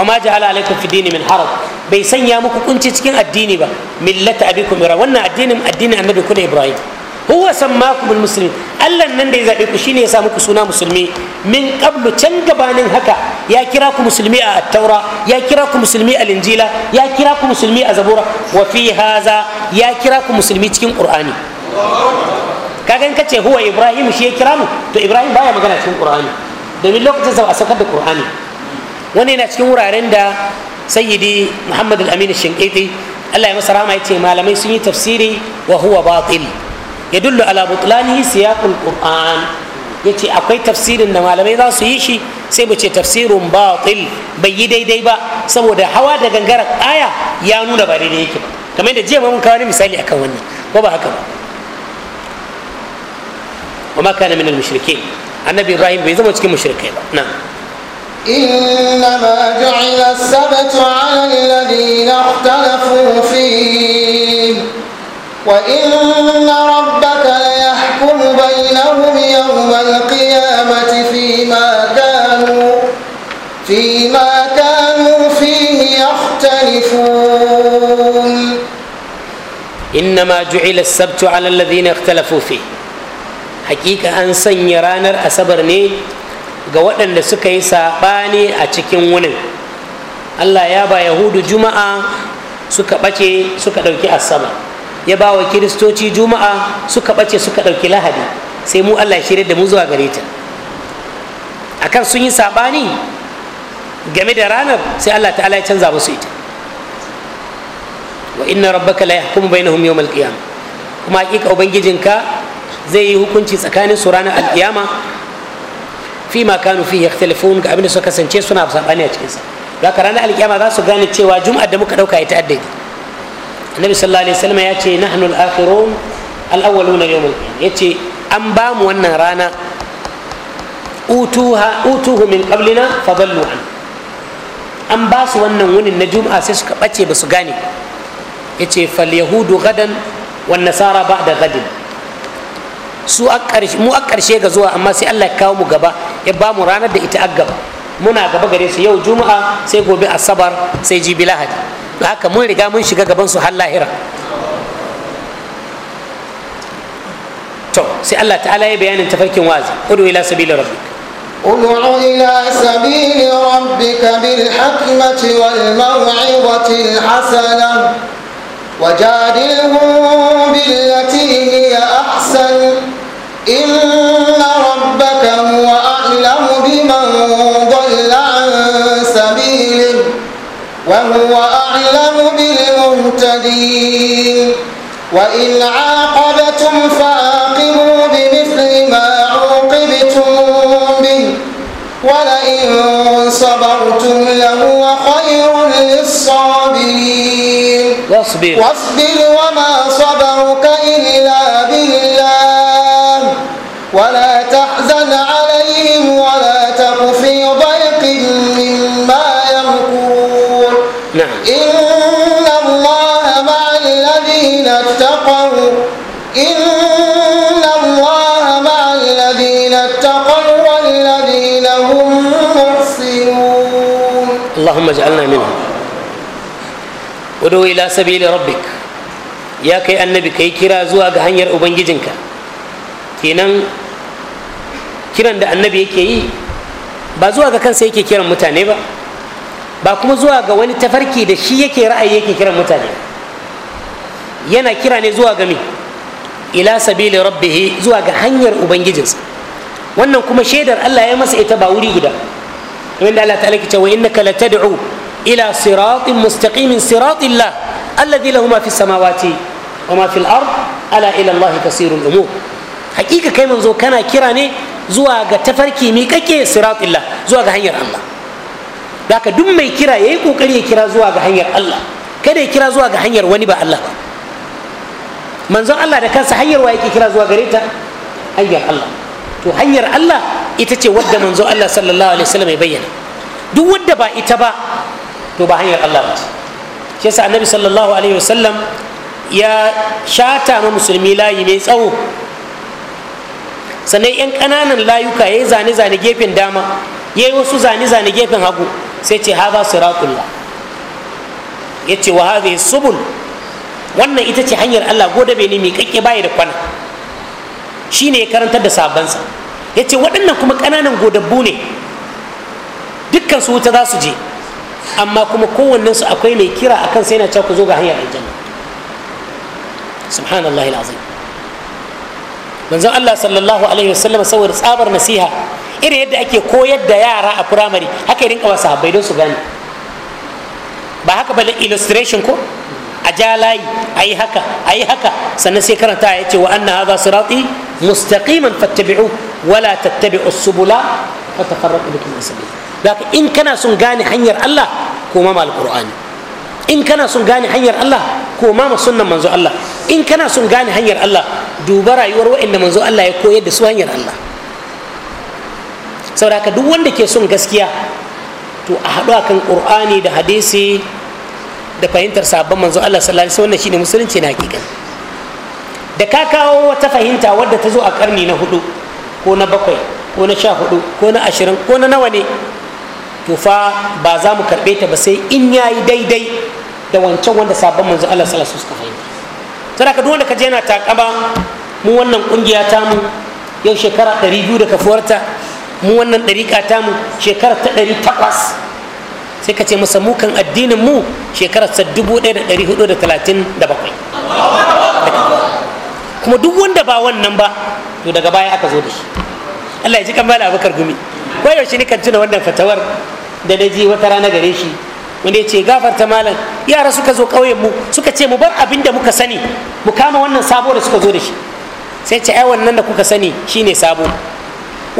wa ma ja'ala alaikum fid din min haraj bai sanya muku kunci cikin addini ba millata wannan addinin addinin annabi ku ibrahim huwa sammakumul muslimin allan nan da ya zabe ku shine ya sa muku suna musulmi min qablu can gabanin haka ya kira ku musulmi a at-taura ya kira ku musulmi a injila ya kira ku musulmi a zabura wa fi haza ya kira ku musulmi cikin qur'ani kaga in kace huwa ibrahim shi ya kira mu to ibrahim baya magana cikin qur'ani domin lokacin sa ba saukar da qur'ani wani yana cikin wuraren da sayyidi muhammad al-amin al Allah ya masa rahama yace malamai sun yi tafsiri wa huwa batil yadullu ala butlanihi siyaqul qur'an yace akwai tafsirin da malamai zasu yi shi sai mu ce ba batil bai yi daidai ba saboda hawa da gangarar aya ya nuna ba daidai yake ba kamar da jiya mun kawo misali akan wannan ko ba haka ba ma annabi ibrahim bai zama cikin mushrikai ba إنما جعل السبت على الذين اختلفوا فيه وإن رب يحكم بينهم يوم القيامة فيما كانوا فيما كانوا فيه يختلفون إنما جعل السبت على الذين اختلفوا فيه حقيقة أن سنيرانر أسبرني ga waɗanda suka yi saɓani a cikin wunin allah ya ba yahudu juma'a suka ɓace suka ɗauki asabar ya ba wa kiristoci juma'a suka ɓace suka ɗauki lahadi sai mu allah shirya da mu zuwa gare ta akan sun yi saɓani game da ranar sai allah ta'ala ya canza musu ita wa inna rabbaka la yahkumu bainahum yawm al-qiyam kuma hakika ubangijinka zai yi hukunci tsakanin su ranar alkiyama fi ma kanu fihi yakhtalifun ga abin da suka kasance suna saɓani a cikinsa sa haka ranar alkiyama za su gane cewa juma'a da muka ɗauka ita addini annabi sallallahu alaihi wasallam ya ce nahnu al-akhirun al-awwaluna yawm al-qiyamah yace an ba mu wannan rana utuha utuhu min qablina fadallu an an ba su wannan wunin na juma'a sai suka bace ba su gane yace fal yahudu gadan wan nasara ba'da gadin su a ƙarshe mu a ƙarshe ga zuwa amma sai Allah ya kawo mu gaba ya ba mu ranar da ita a gaba muna gaba gare su yau juma'a sai gobe asabar sai jibi lahadi haka mun riga mun shiga gaban su har lahira to sai Allah ta'ala ya bayanin tafarkin wazi udu ila sabili rabbik ادع إلى سبيل ربك بالحكمة والموعظة الحسنة وجادلهم بالتي هي أحسن إن ربك هو أعلم بمن وهو أعلم بالمهتدين وإن عاقبتم فعاقبوا بمثل ما عوقبتم به ولئن صبرتم لهو خير للصابرين واصبر وما صبرك إلا اللهم اجعلنا منهم ودعو إلى سبيل ربك يا كي النبي كي كرا زوا هنير أبنجيجنكا kenan kiran da annabi yake yi ba zuwa ga kansa yake kiran mutane ba ba kuma zuwa ga wani tafarki da shi yake ra'ayi yake kiran mutane yana kira ne zuwa ga mi ila sabili rabbihi zuwa ga hanyar ubangijinsa wannan kuma shaidar Allah ya masa ita ba wuri guda من الله تعالى وإنك لتدعو إلى صراط مستقيم صراط الله الذي له ما في السماوات وما في الأرض ألا إلى الله تصير الأمور حقيقة كيما زو كان كيراني زو أغا تفركي ميكا صراط الله زو أغا حنير الله لك دم كيرا يكو كري كيرا زو أغا حنير الله كده كيرا زو أغا حنير ونبا الله من زو الله ده كان سحير ويكي كيرا زو أغريتا حنير الله تو حنير الله ita ce wadda manzo Allah sallallahu alaihi wasallam ya bayyana duk wadda ba ita ba to ba hanyar Allah ba shi yasa annabi sallallahu alaihi wasallam ya shata ma musulmi layi mai tsawo sannan yan kananan layuka ya yi zane-zane gefen dama ya yi wasu zane-zane gefen hagu sai ce haza siratullah ya ce wa haza subul wannan ita ce hanyar Allah gode bai ne mai kakke baya da kwana shine ya karantar da sabansa ya ce waɗannan kuma ƙananan godabbu ne dukkan su wuta za su je amma kuma kowannensu akwai mai kira a kan sai na ku zo ga hanyar aljanna subhanallah ilazai manzon Allah sallallahu alaihi wasallam saboda tsabar nasiha irin yadda ake koyar da yara a firamare haka rinka wasu habbai don su gane ba haka ba illustration ko a ja layi a yi haka a yi haka sannan sai karanta ya ce wa anna hadha sirati mustaqiman fattabi'u wala tattabi'u subula fatafarraqu bikum an sabili zaka in kana sun gane hanyar Allah ko ma alqur'ani in kana son gane hanyar Allah ko ma sunnan manzo Allah in kana sun gane hanyar Allah duba rayuwar wa'anda manzo Allah ya koyar da su hanyar Allah saboda duk wanda ke son gaskiya to a haɗu akan qur'ani da hadisi da fahimtar sabon manzo Allah sallallahu alaihi wasallam shine musulunci na hakika da ka kawo wata fahimta wadda ta zo a karni na hudu ko na bakwai ko na sha hudu ko na ashirin ko na nawa ne to fa ba za mu karɓe ta ba sai in ya yi daidai da wancan wanda sabon manzo Allah sallallahu alaihi wasallam suka fahimta saboda ka duk wanda ka je yana takaba mu wannan kungiya ta mu yau shekara 200 da kafuwarta mu wannan dariƙa ta mu shekara ta 800 sai ka ce masa kan addinin mu shekararsa 1437 kuma duk wanda ba wannan ba to daga baya aka zo da shi Allah ya ji kamar abakar gumi koyaushe ne kan tuna wannan fatawar da na ji wata rana gare shi wanda ya ce gafarta malam yara suka zo ƙauyenmu suka ce mu bar abin da muka sani mu kama wannan sabo da suka zo da shi sai ce ai wannan da kuka sani shine sabo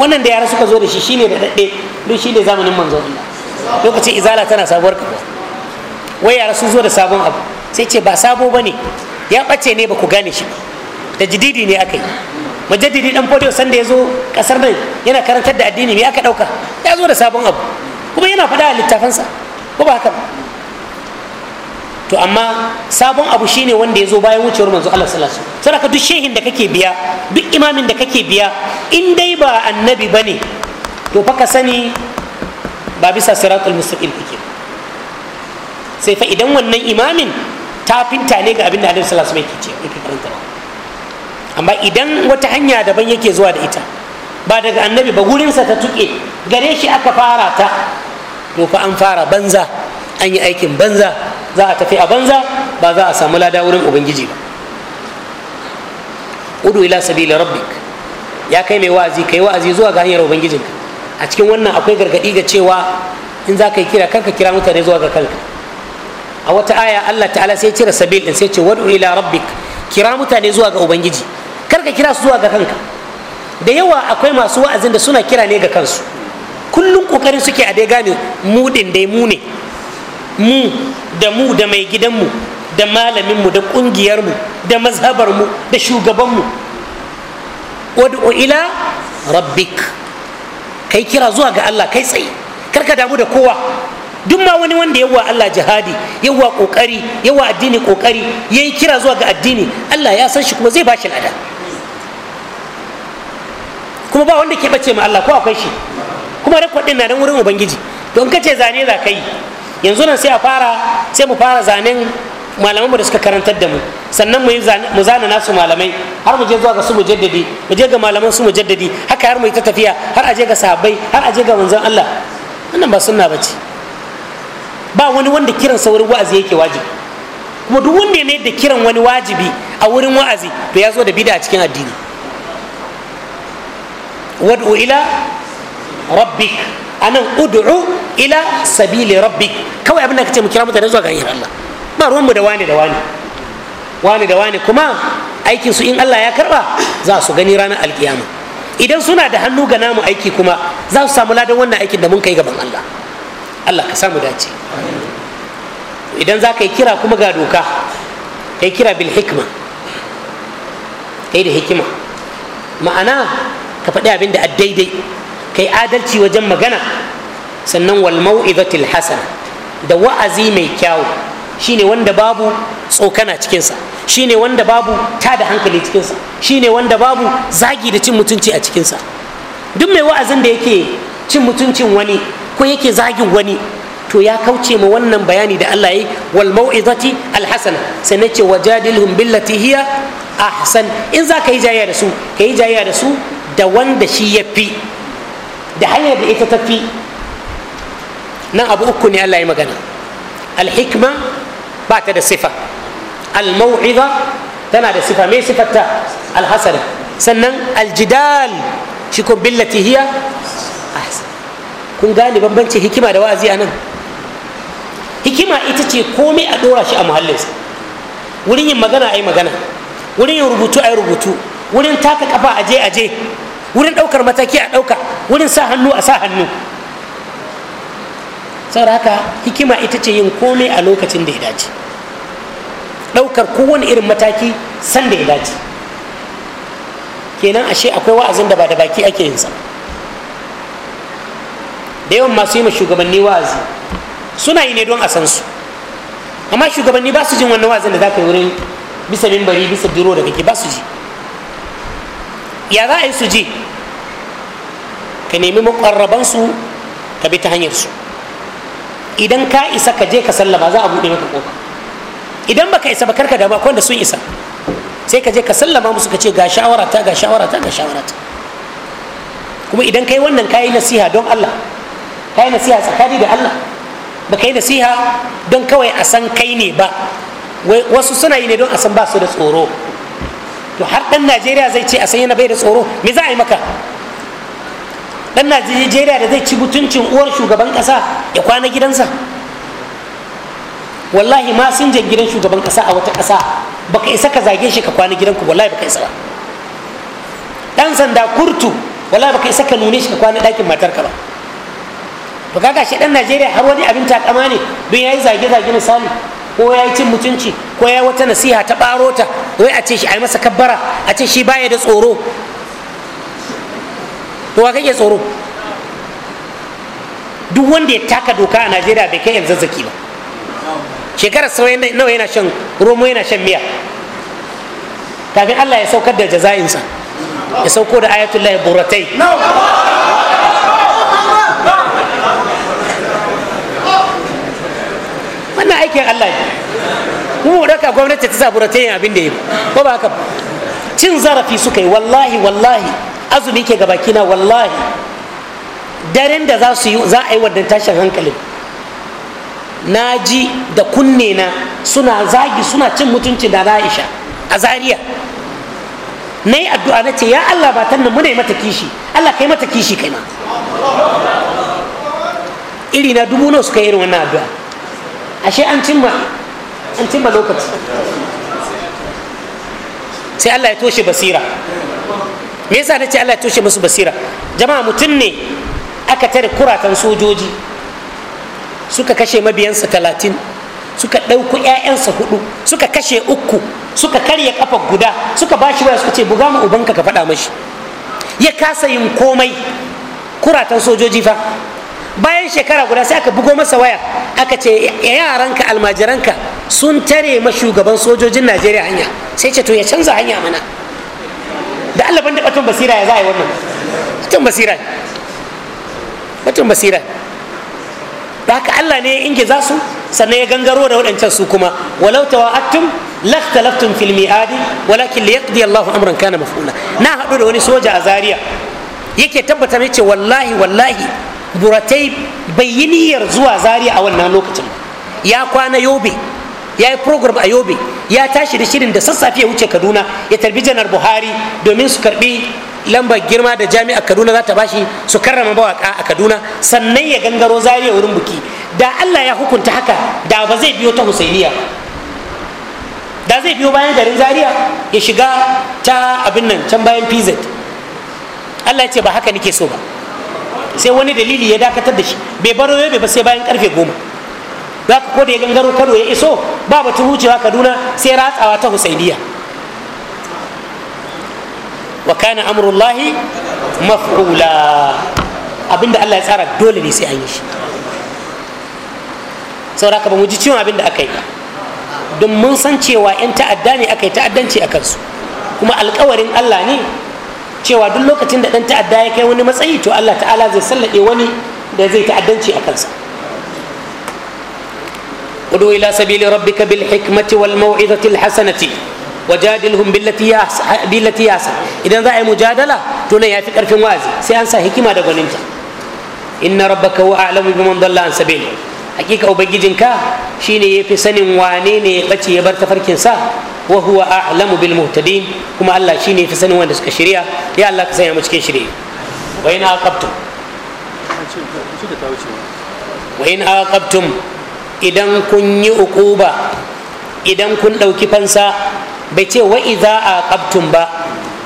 wannan da yara suka zo da shi shine da daɗe duk shine zamanin manzo. Allah lokacin izala tana sabuwar kafa wai yara sun zo da sabon abu sai ce ba sabo ba ne ya ɓace ne ba ku gane shi da jididi ne aka yi majadidi dan fodiyo sanda ya zo kasar nan yana karantar da addini me aka ɗauka ya zo da sabon abu kuma yana faɗa a littafansa ko ba haka ba to amma sabon abu shine wanda ya zo bayan wucewar manzo Allah sallallahu alaihi wasallam saboda duk shehin da kake biya duk imamin da kake biya in dai ba annabi bane to fa ka sani ba bisa siratul mustaqim kake sai fa idan wannan imamin ta finta ne ga abin da annabi sallallahu alaihi wasallam yake karantarwa amma idan wata hanya daban yake zuwa da ita ba daga annabi ba gurin sa ta tuke gare shi aka fara ta to fa an fara banza an yi aikin banza za a tafi a banza ba za a samu lada wurin ubangiji ba udu ila sabila rabbik ya kai mai wa'azi kai wa'azi zuwa ga hanyar ubangijinka a cikin wannan akwai gargaɗi ga cewa in za ka yi kira karka kira mutane zuwa ga kanka a wata aya Allah ta'ala sai cire sabil din sai ce wad'u ila rabbik kira mutane zuwa ga ubangiji karka kira su zuwa ga kanka da yawa akwai masu wa'azin da suna kira ne ga kansu kullum kokarin suke a dai gane mu din dai mu ne mu da mu da mai gidanmu da malaminmu da ƙungiyarmu da mazhabarmu da shugabanmu wad'u ila rabbik kai kira zuwa ga Allah kai tsaye kar ka damu da kowa duk ma wani wanda yawa Allah jihadi yawa kokari yawa addini kokari yayi kira zuwa ga addini Allah ya san shi kuma zai bashi lada kuma ba wanda ke bace ma Allah ko akwai shi kuma rekod din na nan wurin ubangiji don kace zane za kai yanzu nan sai a fara sai mu fara zanen mu da suka karantar da mu sannan mu zana nasu malamai har mu je zuwa ga su mu jaddadi mu je ga malaman su mu jaddadi haka har mu yi ta tafiya har a je ga sahabbai har a je ga manzon Allah wannan ba sunna bace ba wani wanda kiran sa wurin wa'azi yake wajibi kuma duk wanda ya da kiran wani wajibi a wurin wa'azi to ya zo da bid'a cikin addini wad'u ila rabbik anan ud'u ila sabili rabbik kawai abin da kace mu kira mutane zuwa ga hanyar Allah ba ruwanmu da wani da wani wani da wani kuma aikin su in Allah ya karba za su gani ranar alkiyama idan suna da hannu ga namu aiki kuma za su samu ladan wannan aikin da mun kai gaban Allah Allah ka samu dace idan za ka yi kira kuma ga doka ka yi kira bil hikma ka yi da hikima ma'ana ka faɗi abin da a daidai ka yi adalci wajen magana sannan wal mau'izatil hasana da wa'azi mai kyawu shine wanda babu tsokana cikinsa shine wanda babu tada hankali cikinsa shine wanda babu zagi da cin mutunci a cikinsa duk mai wa'azin da yake cin mutuncin wani ko yake zagin wani to ya kauce ma wannan bayani da Allah yi wal mau'izati al hasana sai na ce wajadilhum billati hiya ahsan in za ka yi jayya da su ka yi jayya da su da wanda shi ya fi da hanyar da ita ta fi nan abu uku ne Allah ya magana al hikma ba ta da sifa al-mau'iza tana da sifa me sifarta al sannan al-jidal shi ko billati hiya kun gane bambanci hikima da wa'azi anan hikima ita ce komai a dora shi a muhallinsa wurin yin magana a yi magana wurin yin rubutu a yi rubutu wurin taka kafa a je a je wurin ɗaukar mataki a ɗauka wurin sa hannu a sa hannu saboda haka hikima ita ce yin komai a lokacin da ya dace ɗaukar kowane irin mataki san da ya dace kenan ashe akwai wa'azin da ba da baki ake yinsa da yawan masu yi ma shugabanni wa'azi suna yi ne don a san su amma shugabanni ba su jin wannan wa'azin da za ka yi wurin bisa mimbari bisa biro da kake ba su ji ya za a yi su ji ka nemi makwarrabansu ka bi ta hanyar su idan ka isa ka je ka sallama za a buɗe maka kofa idan baka isa ba karka damu akwai da sun isa sai ka je ka sallama musu ka ce ga shawara ta ga shawara ta ga shawara ta kuma idan kai wannan kayi nasiha don Allah kayi nasiha tsakani da Allah ba kai nasiha don kawai a san kai ne ba wasu suna yi ne don a san ba su da tsoro to har dan Najeriya zai ce a san yana bai da tsoro me za a yi maka dan najeriya da zai ci mutuncin uwar shugaban kasa ya kwana gidansa wallahi ma sun jan gidan shugaban kasa a wata kasa baka isa ka zage shi ka kwana gidanku wallahi baka isa ba dan sanda kurtu wallahi baka isa ka nune shi ka kwana dakin matarka ba to kaga shi dan najeriya har wani abin takama ne don yayi zage zage misali ko ya yi cin mutunci ko ya wata nasiha ta ɓarota. ta wai a ce shi a yi masa kabbara a ce shi baya da tsoro to wa kake tsoro duk wanda ya taka doka a najeriya bai kai zazzaki ba shekarar sauran nawa yana shan romo yana shan miya kafin allah ya saukar da jaza'insa ya sauko da ayatullahi buratai wannan aikin allah ne mu daga gwamnati ta sa buratai abin da ya ko ba haka cin zarafi suka yi wallahi wallahi azumi ke gaba kina wallahi daren da za su yi za a yi wannan tashin hankalin na ji da kunne na suna zagi suna cin mutunci da Aisha a Zariya. na yi addu'a na ce ya Allah ba tannan muna yi mata kishi Allah kai mata kishi kai ma iri na dubu nawa suka yi irin wannan addu'a ashe an cimma an cimma lokaci sai Allah ya toshe basira me yasa nace Allah ya toshe musu basira jama'a mutum ne aka tare kuratan sojoji suka kashe mabiyansa talatin suka ɗauku 'ya'yansa hudu suka kashe uku suka karya kafa guda suka ba shi waya suka ce buga ma ubanka ka faɗa mashi ya kasa yin komai kuratan sojoji fa bayan shekara guda sai aka bugo masa waya aka ce yaranka almajiranka sun tare ma shugaban sojojin najeriya hanya sai ce to ya canza hanya mana da Allah ban da batun basira ya za a yi wannan batun basira batun basira da haka Allah ne ya inge za su sannan ya gangaro da waɗancan su kuma walau tawa'attum lakhtalaftum fil mi'adi walakin liyaqdi Allahu amran kana maf'ula na haɗu da wani soja a Zaria yake tabbata mai ce wallahi wallahi buratai bai yi niyyar zuwa Zaria a wannan lokacin ya kwana yobe ya yi program a yobe ya tashi da shirin da sassafe ya wuce kaduna ya tarbi janar buhari domin su karbi lambar girma da jami'ar kaduna za ta bashi su karrama mawaka a kaduna sannan ya gangaro zariya wurin buki da allah ya hukunta haka da ba zai biyo ta husainiya da zai biyo bayan garin zariya ya shiga ta abin nan can bayan pz allah ya ce ba haka nake so ba sai wani dalili ya dakatar da shi bai baro yobe ba sai bayan karfe goma za ka ko da ya gangaro kano ya iso ba batun wucewa kaduna sai ratsawa ta husainiya wa kana amrullahi maf'ula abinda Allah ya tsara dole ne sai an yi shi saboda ba mu ji ciwon abinda aka yi don mun san cewa 'yan ta'adda ne aka yi ta'addanci a kansu kuma alkawarin Allah ne cewa duk lokacin da ɗan ta'adda ya kai wani matsayi to Allah ta'ala zai sallaɗe wani da zai ta'addanci a kansa ادعو الى سبيل ربك بالحكمه والموعظه الحسنه wajadilhum billati ya billati yasa idan za a yi mujadala to nan yafi karfin wazi sai an sa hikima da gwaninta inna rabbaka huwa a'lamu biman dalla an sabili hakika ubangijinka shine yafi sanin wane ne ya bace ya bar tafarkin sa wa huwa a'lamu bil kuma Allah shine yafi sanin wanda suka shirya ya mu cikin idan kun yi uquba idan kun ɗauki fansa bai ce wa iza a ba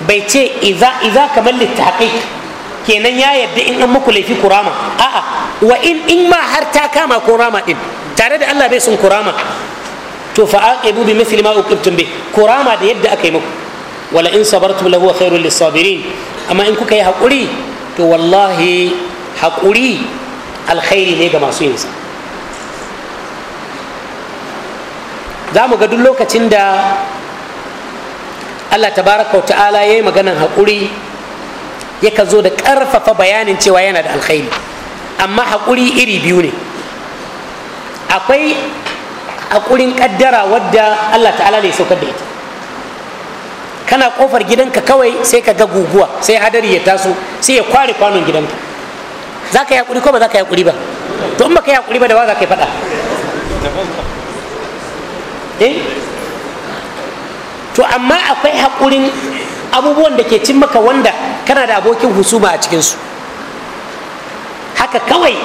bai ce iza kamar littaƙiƙ kenan ya yadda in an muku laifi kurama a'a wa in in ma har ta kama kurama din tare da Allah bai sun kurama to fa aqibu bi mithli ma uqibtum bi kurama da yadda aka yi muku wala in sabartum lahu khairul lisabirin amma in kuka yi haƙuri to wallahi haƙuri alkhairi ne ga masu yinsa za mu ga duk lokacin da allah tabaraka ta'ala ya yi maganan haƙuri ka zo da ƙarfafa bayanin cewa yana da alkhairi amma haƙuri iri biyu ne akwai haƙurin ƙaddara wadda allah ta'ala ne saukar da ita kana ƙofar gidanka kawai sai ka ga guguwa sai hadari ya taso sai ya kware kwanon gidanka za ka yi haƙuri ko ba za ka yi haƙuri ba to in ba ka yi haƙuri ba da wa za ka yi faɗa Eh? to amma akwai haƙurin abubuwan da ke cin maka wanda kana da abokin husuma a cikinsu haka kawai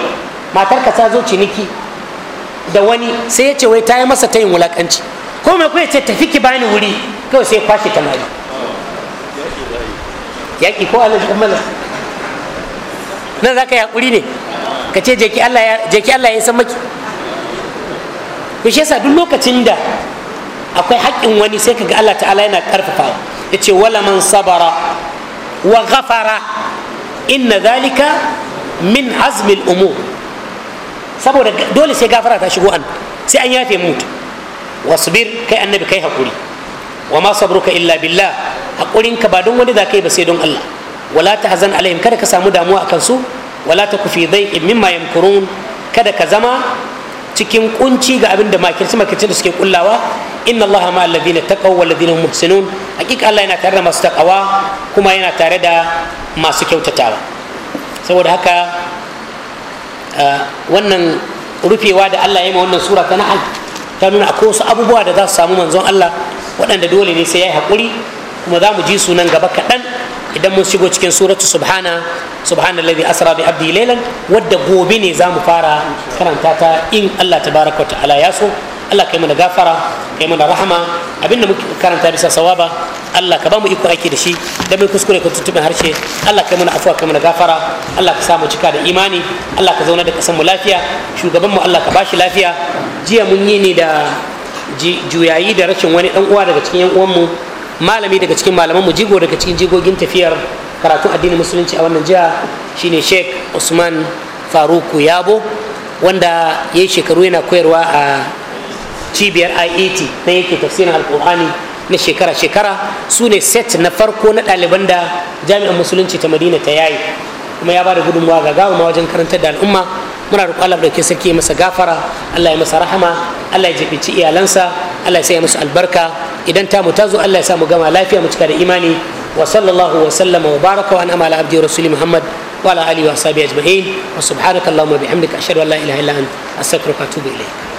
matar ka zo ciniki da wani sai ya ce wai ta yi masa ta yin wulaƙanci ko mai kuwa ce tafi ki bani wuri kawai sai kwashe tamari yaƙi ko nan za ka yi ne ka ce jeki Allah ya san maki to shi yasa duk lokacin da akwai haƙƙin wani sai kaga Allah ta'ala yana karfafawa ce wala man sabara wa ghafara inna zalika min azmil umur saboda dole sai gafara ta shigo an sai an yafe mutu wasbir kai annabi kai hakuri wa ma sabruka illa billah hakurinka ba don wani kai ba sai don Allah wala tahzan alaihim kada ka samu damuwa akan su wala ta fi dhai'in mimma yamkurun kada ka zama cikin kunci ga abin da makirci makirci da suke kullawa inna allaha ma alladhina taqaw wal ladina muhsinun hakika Allah yana tare da masu takawa kuma yana tare da masu kyautatawa saboda haka wannan rufewa da Allah ya yi wannan sura ta na'al ta nuna akwai wasu abubuwa da za su samu manzon Allah waɗanda dole ne sai ya yi haƙuri kuma za mu ji sunan gaba kaɗan idan mun shigo cikin suratu subhana subhana alladhi asra bi abdi laylan wadda gobe ne za mu fara karanta ta in Allah tabaraka ta'ala ya so Allah kai mana gafara kai mana rahama abinda muke karanta bisa sawaba Allah ka ba mu iko aiki da shi da mai kuskure ka tuntuɓe harshe Allah kai mana afuwa kai mana gafara Allah ka samu cika da imani Allah ka zauna da kasan mu lafiya shugaban mu Allah ka bashi lafiya jiya mun yi ne da juyayi da rashin wani dan uwa daga cikin yan uwan mu malami daga cikin malaman mu jigo daga cikin jigogin tafiyar karatun addinin musulunci a wannan jiha shine sheikh usman faruku yabo wanda ya yi shekaru yana koyarwa a cibiyar iet na yake tafsirin alkur'ani na shekara-shekara su ne set na farko na ɗaliban da jami'an musulunci ta madina ta yayi kuma ya ba da gudunmawa ga gawa wajen karantar da al'umma muna roƙon Allah dauke sarki ya masa gafara Allah ya masa rahama Allah ya jibici iyalansa Allah ya sanya musu albarka idan ta mu tazo Allah ya sa mu gama lafiya mu cika da imani wa sallallahu wa sallama wa baraka wa an'ama ala abdi rasuli Muhammad wa ala alihi wa sahbihi ajma'in wa subhanakallahumma bihamdika ashhadu an la ilaha illa anta astaghfiruka wa atubu ilayk